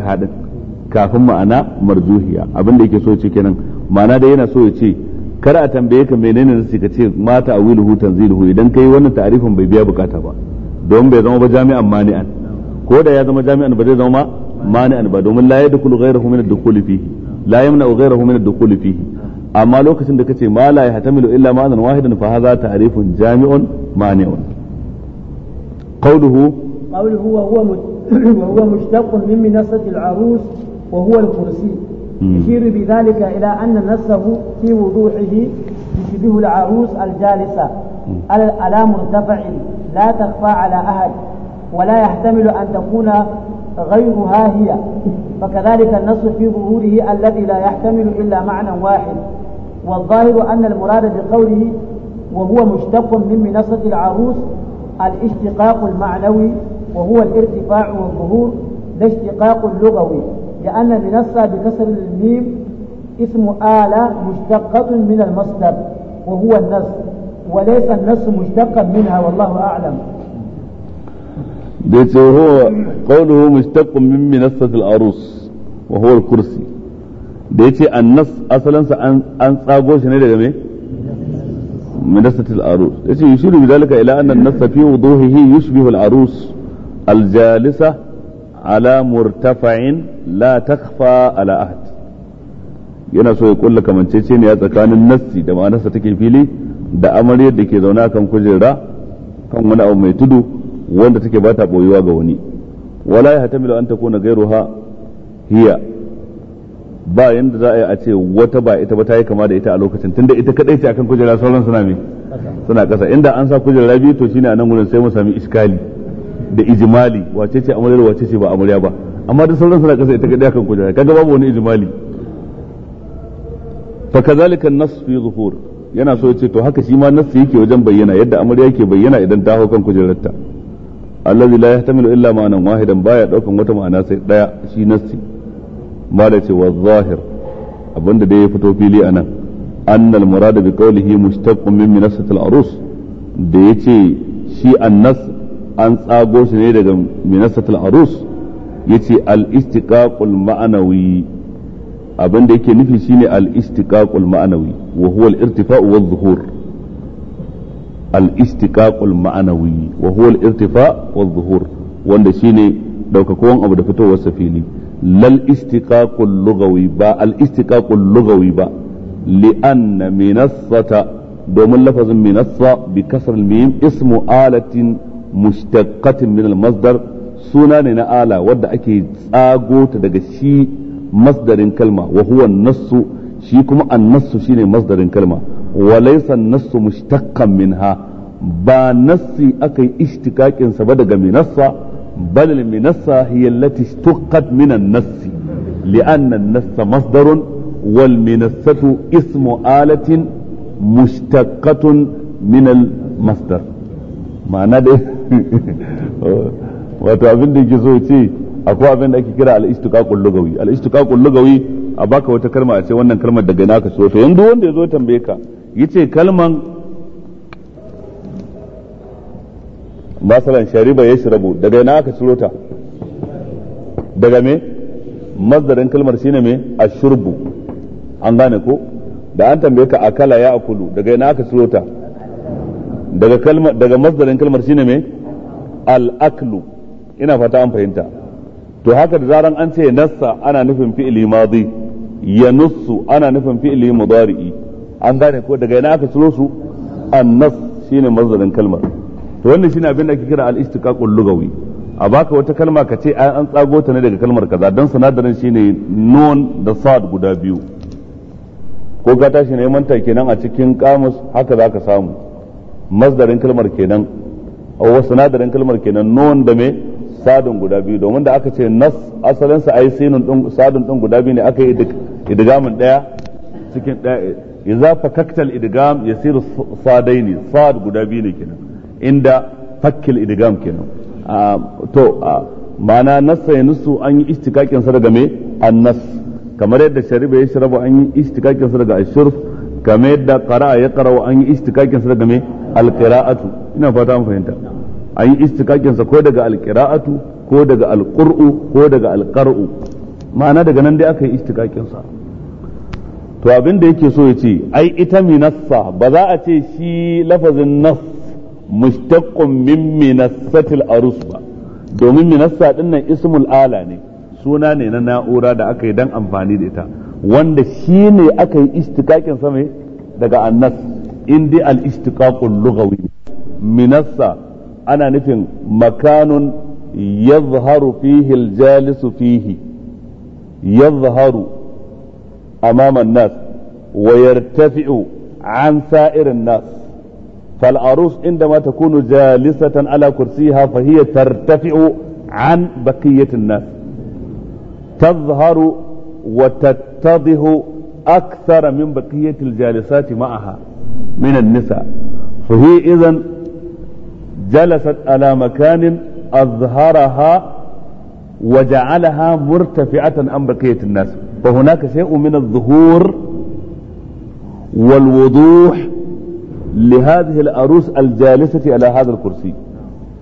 kafin ma'ana marjuhiya abin da yake so ce kenan ma'ana da yana so ya ce kar a tambaye ka menene nasi ka ce mata a wilhu tanziluhu idan kai wannan ta'arifin bai biya bukata ba don bai zama ba jami'an mani'an ko da ya zama jami'an ba zai zama mani'an ba domin la yadkhulu ghayruhu min ad-dukhuli fihi la yamna'u ghayruhu min ad-dukhuli fihi amma lokacin da kace ma la yahtamilu illa ma'anan wahidan fa hadha ta'rifun jami'un mani'un qawluhu qawluhu wa huwa وهو مشتق من al العروس وهو الكرسي يشير بذلك إلى أن نفسه في وضوحه يشبه العروس الجالسة على مرتفع لا تخفى على أحد ولا يحتمل أن تكون غيرها هي فكذلك النص في ظهوره الذي لا يحتمل إلا معنى واحد والظاهر أن المراد بقوله وهو مشتق من منصة العروس الاشتقاق المعنوي وهو الارتفاع والظهور لا اشتقاق لغوي لأن منصة بكسر الميم اسم آلة مشتقة من المصدر وهو النص وليس النص مشتقا منها والله أعلم ديتي هو قوله مشتق من منصة العروس وهو الكرسي ديتي النص أصلا أن تساقوش نيدا جميع منصة العروس ديتي يشير بذلك إلى أن النص في وضوحه يشبه العروس الجالسة على مرتفع la takfa على أحد yana so ya kulla a tsakanin nassi da ma'anarsa take fili da amaryar da ke zaune kan kujera kan wani abu mai tudu wanda take bata boyuwa ga wani wala ya hatamilu an gairu ha hiya ba yadda za a yi a ce wata ba ita ba ta yi kama da ita a lokacin tunda ita kadai ce akan kujera sauran suna mai suna kasa inda an sa kujera biyu to shine a nan gurin sai mu sami iskali da ijimali wace ce amarya wace ce ba amarya ba amma da sauran suna kasa ita ga kan kujera kaga babu wani ijimali fa kazalika an-nas fi zuhur yana so yace to haka shi ma nas yake wajen bayyana yadda amarya yake bayyana idan ta hau kujerarta allazi la yahtamilu illa ma'anan wahidan baya daukan wata ma'ana sai daya shi nassi ba da ce wa zahir abinda da ya fito fili anan annal murada bi qawlihi mushtaqqun min minasat al-arus da yace shi annas an tsago shi ne daga minasatul arus yace al-istiqaqul ma'nawi abin da yake nufi shine al-istiqaqul ma'nawi wa huwa al-irtifa'u wa dhuhur al-istiqaqul ma'nawi wa huwa al-irtifa' wa dhuhur wanda shine daukakon abu da fitowar safili lal istiqaqul lughawi ba al-istiqaqul lughawi ba anna minasata domin lafazin minassa bi kasar mim ismu alatin mushtaqqatin min al-masdar suna ne na ala wadda ake tsagota daga shi masdarin kalma wa huwa nassu shi kuma an-nassu shine masdarin kalma wa laysa an-nassu mushtaqqan minha ba nassi aka yi sa ba daga minassa bal al-minassa hiya allati ishtaqqat min an-nassi li'anna an-nassa masdarun wal minassatu ismu alatin mushtaqatun min al-masdar ma'ana dai wato abin da yake so ce akwai abin da ake kira al-istiqaqul lugawi al lugawi a baka wata kalma a ce wannan kalmar daga na ka so to yanzu wanda ya zo tambaye ka yace kalman masalan shariba ya yashrabu daga ina ka ciro ta daga me mazdarin kalmar shine me ashurbu an gane ko da an tambaye ka akala ya akulu daga ina aka ciro ta daga kalmar daga masdarin kalmar shine me al-aklu ina fata an fahimta to haka da zaran an ce nassa ana nufin fi'ili madi ya nussu ana nufin fi'ili mudari'i an gane ko daga ina aka ciro su an nass shine masdarin kalmar to wannan shine abin da ake kira al-istiqaqul lugawi a baka wata kalma ka ce an tsago ta ne daga kalmar kaza dan sanadarin shine nun da sad guda biyu ko ka tashi neman take nan a cikin kamus haka zaka samu masdarin kalmar kenan wa sinadarin kalmar kenan nun da me sadun guda biyu domin da aka ce nas asalin sa ai sinun din sadun din guda biyu ne aka yi idgamin daya cikin daya idza fakaktal idgam yasiru sadaini sad guda biyu ne kenan inda fakil idgam kenan to ma'ana nas ya nusu an yi istikakin sa daga me annas kamar yadda shariba ya shirabu an yi istikakin sa daga ashurf game da qara'a ya qara'u an yi istikakin daga me alqira'atu ina fata an fahimta an yi istikakin ko daga alqira'atu ko daga alqur'u ko daga alqar'u ma'ana daga nan dai aka yi istikakin to abin da yake so ya ce ai ita minassa ba za a ce shi lafazin nas mushtaqqun min minassatil arus ba domin minassa dinnan ismul ala ne suna ne na na'ura da aka yi dan amfani da ita wanda shi ne aka yi istiƙaƙin sa daga annas indi al istiqaqul lughawi minassa ana nufin makanun yadhharu fihi al jalisu fihi yadhharu amama nas wa yartafi'u an sa'ir an-nas فالعروس عندما تكون جالسة على كرسيها فهي ترتفع عن بقية الناس تظهر وتتضح أكثر من بقية الجالسات معها من النساء فهي إذا جلست على مكان أظهرها وجعلها مرتفعة عن بقية الناس فهناك شيء من الظهور والوضوح لهذه الأروس الجالسة على هذا الكرسي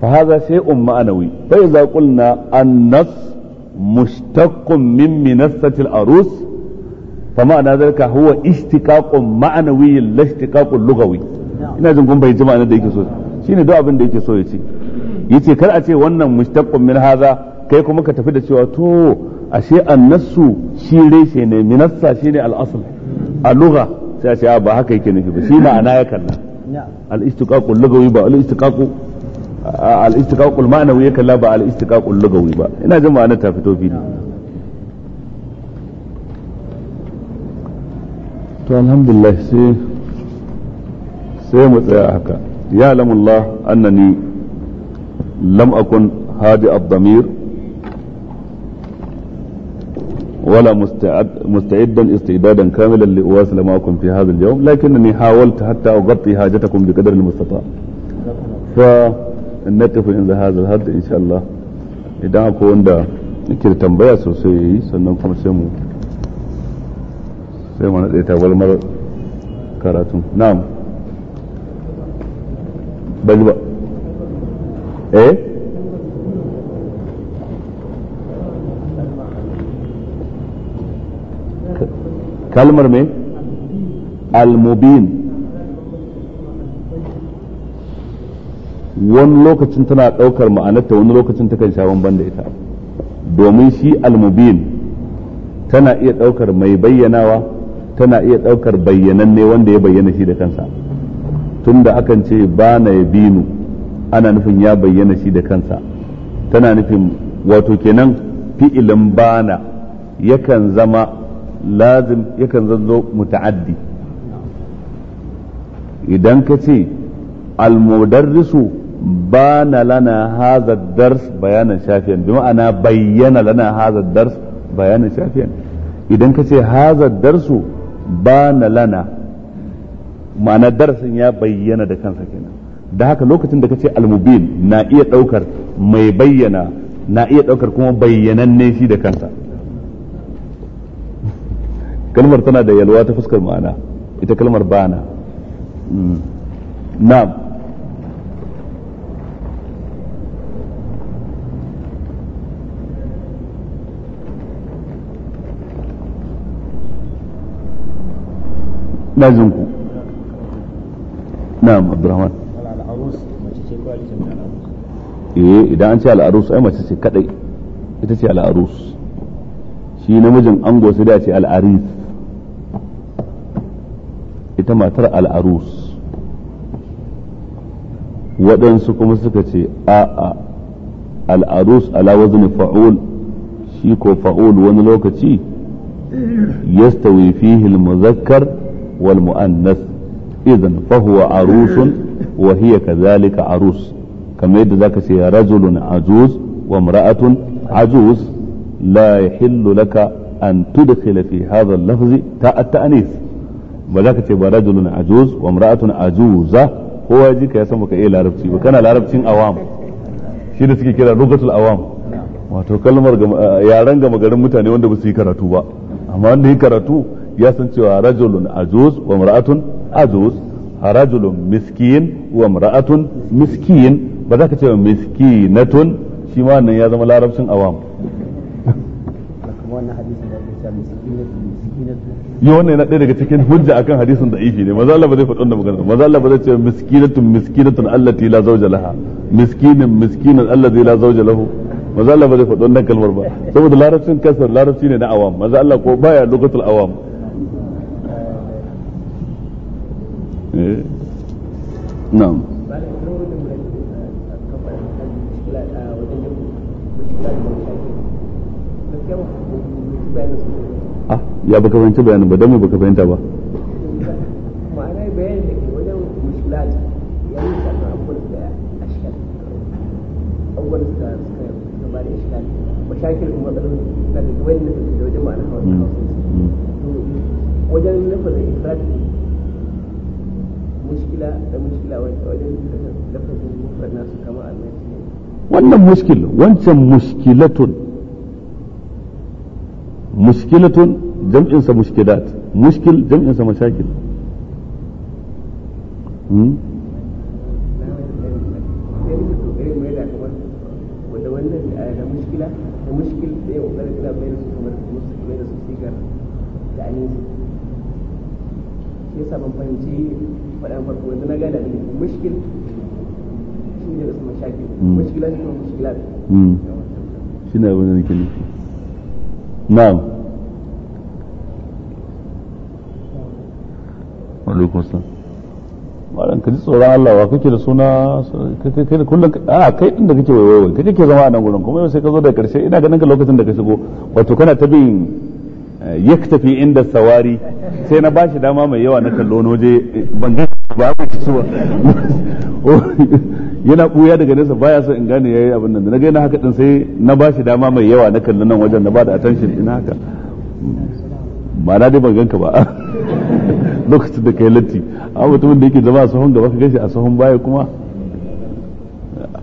فهذا شيء معنوي فإذا قلنا النص mushtaqqun min minassatil arus fa ma'ana zalika huwa ishtiqaqun ma'nawi la ishtiqaqun ina jin kun bai jima nan da yake so ne duk abin da yake so ya ce yace kar a ce wannan mushtaqqun min haza kai kuma ka tafi da cewa to ashe annasu shi reshe ne minassa shine ne asl a lugha sai a ce ba haka yake nufi ba shi ma'ana ya kalla al-ishtiqaqu lughawi ba al-ishtiqaqu al-istiqaqul ma'nawi yake la ba al-istiqaqul lugawi ba ina jin ma'anar ta fito fili to alhamdulillah sai sai mu tsaya haka ya lamullah annani lam akun hadi ad-damir ولا مستعد مستعدا استعدادا كاملا لاواصل معكم في هذا اليوم لكنني حاولت حتى اغطي حاجتكم بقدر المستطاع ف نقف in the hazal had insha Allah idan akwai wanda yake da tambaya sosai yayi sannan kuma sai mu sai mu nade tabalmar karatun na'am bali ba eh kalmar me al-mubin wani lokacin tana ɗaukar ma'anarta wani lokacin takan sha bamban da ita domin shi almubin tana iya ɗaukar mai bayyanawa tana iya ɗaukar bayyananne wanda ya bayyana shi da kansa tunda akan ce ba na ya binu ana nufin ya bayyana shi da kansa tana nufin wato kenan fi'ilin bana yakan zama lazim yakan zanzo muta'addi idan ka ce almudarrisu bana lana haza ad bayanan shafiyan bi ma'ana bayyana lana haza ad bayanan shafiyan idan ka ce haza ad-darsu bana lana ma'ana darsin ya bayyana da kansa kenan da haka lokacin da ka ce almubin na iya ɗaukar mai bayyana na iya ɗaukar kuma bayyananne shi da kansa kalmar tana da yalwa ta fuskar ma'ana ita kalmar bana hmm. na. dajin ku na'am abdurrahman eh idan an ce al'arus ai mace ce kadai ita ce al'arus shi namijin ango sai da ce al'aris ita matar al'arus waɗansu kuma suka ce a'a al'arus ala wazni fa'ul shi ko fa'ul wani lokaci yastawi fihi al-muzakkar والمؤنث إذا فهو عروس وهي كذلك عروس كما يد ذاك رجل عجوز وامرأة عجوز لا يحل لك أن تدخل في هذا اللفظ تاء التأنيث وذاك تبقى رجل عجوز وامرأة عجوزة هو يجيك يسمك إيه لاربتي وكان لاربتين أوام shi da suke kira lugatul awam wato kalmar yaran gama garin mutane wanda ba su yi karatu ba amma wanda yi karatu ya san cewa rajulun ajuz wa mar'atun ajuz rajulun miskin wa mar'atun miskin ba za ka ce miskinatun shi ma nan ya zama larabcin awam yi wannan yana ɗaya daga cikin hujja akan hadisin da ifi ne maza Allah ba zai faɗi wannan maganar maza Allah ba zai ce miskinatun miskinatun allati la zauja laha miskinin miskinan allazi la zauja lahu maza Allah ba zai faɗi wannan kalmar ba saboda larabcin kasar larabci ne na awam maza Allah ko baya lokacin awam na'am ah ya baka fahimci bayanin ba don mu baka fahimta ba ma'ana bayanin da ke wajen mushkilat ya yi da mushkila da mushkila wajen lafazin mufrad nasu kama almasi wannan mushkil wancan mushkilatun mushkilatun jam'insa mushkilat mushkil jam'insa mashakil hmm? yasa ban fahimci kayan farko yanzu na gane abin mushkil shi ne mm. kuma mm. shi ne abin da nake nufi na'am alaikum salam malam ka ji tsoron Allah wa kake da suna kullum a kai din da kake wayoyi kake ke zama a nan gurin kuma yau sai ka zo da karshe ina ganin ka lokacin da ka shigo wato kana ta bin eh, yaktafi inda sawari sai na bashi dama mai yawa na kallo waje eh, ban ba ku ci suwa yana buya daga nesa baya son in gane yayi abin nan da na ga yana haka din sai na bashi dama mai yawa na kallon nan wajen na bada attention ina haka ba na dai ban ganka ba lokacin da kai latti a mutumin da yake zama a sahun gaba ka gashi a sahun baya kuma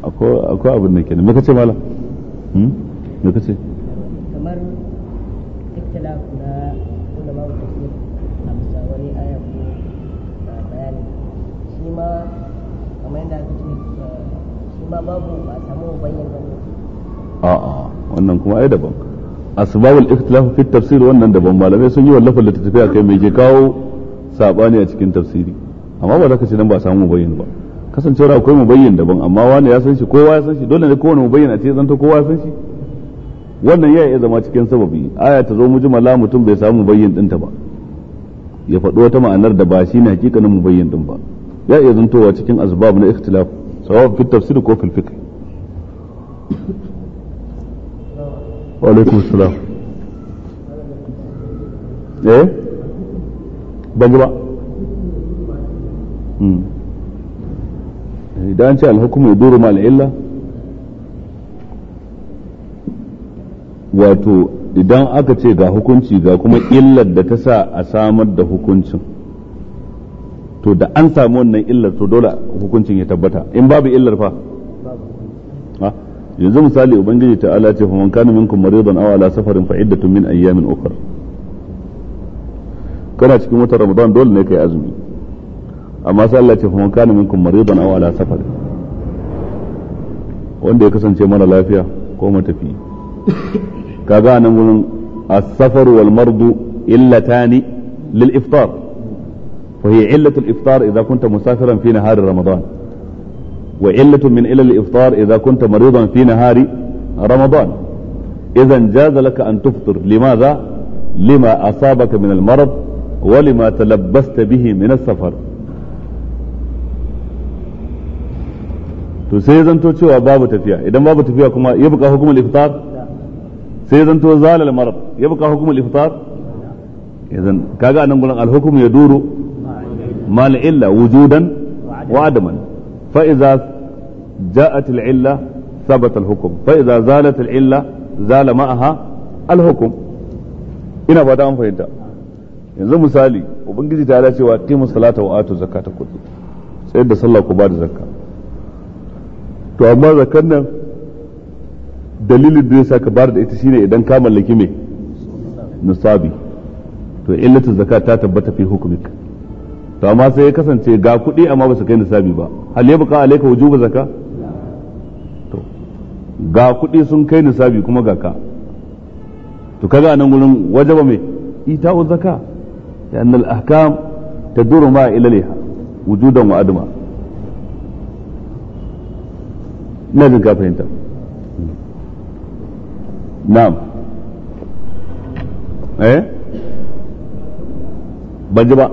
akwai abin da kenan me kace malam hmm? me kace kamar kuma kamar yadda aka ce eh, shi ma babu ba samu bayyana wannan a'a wannan kuma ai daban asbabul ikhtilaf fi tafsir wannan daban malamai sun yi wallafa tafiya kai mai ke kawo sabani a cikin tafsiri amma ba za ka ce nan ba a samu mubayyin ba kasancewar akwai mubayyin daban amma wani ya san shi kowa ya san shi dole ne kowane mubayyin a ce zanta kowa ya san shi wannan ya iya zama cikin sababi aya ta zo mujmala mutum bai samu mubayyin dinta ba ya faɗo wata ma'anar da ba shi ne hakikanin mubayyin din ba ya iya zantowa cikin asbab na ikhtilaf sawa fi tafsir ko fil fiqh wa alaikum assalam eh ban ba hmm. idan ce alhukumu ya ma mal illa wato idan aka ce ga hukunci ga kuma illar da ta sa a samar da hukuncin to da an samu wannan illar to dole hukuncin ya tabbata in babu illar fa yanzu misali ubangiji ta ala ce faman kana minkum maridan aw ala safarin fa iddatun min ayyamin ukhra kana cikin watan ramadan dole ne kai azumi amma sai Allah ce fa faman kana minkum maridan aw ala safarin wanda ya kasance mara lafiya ko matafi kaga anan gurin as-safar wal mardu illatani lil iftar وهي علة الإفطار إذا كنت مسافرا في نهار رمضان وعلة من إلى الإفطار إذا كنت مريضا في نهار رمضان إذا جاز لك أن تفطر لماذا؟ لما أصابك من المرض ولما تلبست به من السفر to sai zanto cewa babu tafiya idan babu tafiya kuma ya buka hukumul iftar sai zanto zalal marad ya buka hukumul iftar idan kaga anan gurin alhukum ya duru ما العلة وجودا وعدما فإذا جاءت العلة ثبت الحكم فإذا زالت العلة زال معها الحكم ina fata an fahimta yanzu misali ubangiji ta dace wa qimu salata wa atu zakata kullu sai da sallah ku ba da zakka to amma zakkan nan dalilin da yasa ka bayar da ita shine idan ka mallaki me nusabi to illatu zakat ta tabbata fi hukumika to amma sai ya kasance ga kuɗi amma ba su kai nisabi ba hal ya buka alaika wujuba zaka to ga kuɗi sun kai nisabi kuma ga ka to kaga nan gurin wajaba mai ita'u zaka ya annal ahkam taduru ma ila liha wujudan wa adma ina jin ka fahimta na'am eh ban ji ba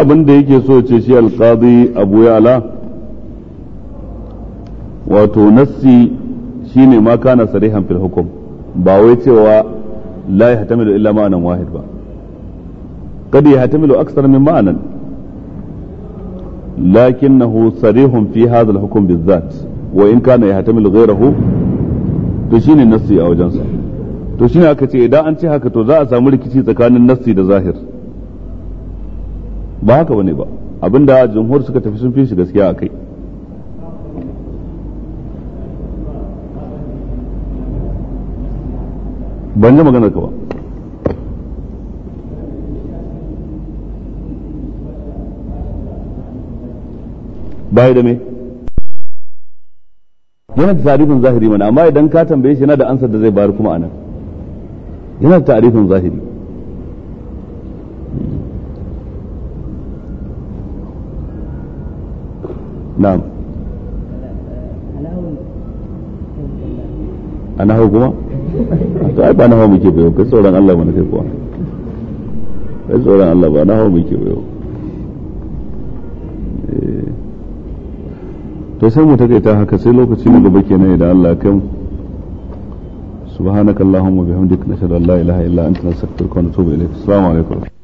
abin da yake so ce shi alkazi abu ya'ala wato nassi ne ma kana sarihan fil hukum ba wai cewa la yahtamilu illa ma'anan wahid ba kada kad yahtamilu aksar min ma'anan lakinnahu sarihun fi hadha al hukm bizzat wa in kana yahtamilu ghayrahu to shine nassi a wajensa to shine aka ce idan an ce haka to za a samu rikici tsakanin nassi da zahir ba haka bane ba abinda jumhur suka tafi sun fi shi gaskiya a kai ban ji maganar ka ba bai da me yana da tarifin zahiri mana amma idan ka tambaye shi yana da ansar da zai bayar kuma anan yana da tarifin zahiri na'am a nahawu kuma to ai ba nahawu muke bayo kai tsoron Allah na kai kuwa kai tsoron Allah ba nahawu muke bayo eh. to sai mu ta haka sai lokaci na gaba kenan idan Allah kai mu subhanakallahumma bihamdika nashhadu an la ilaha illa anta nastaghfiruka wa natubu ilayk assalamu alaikum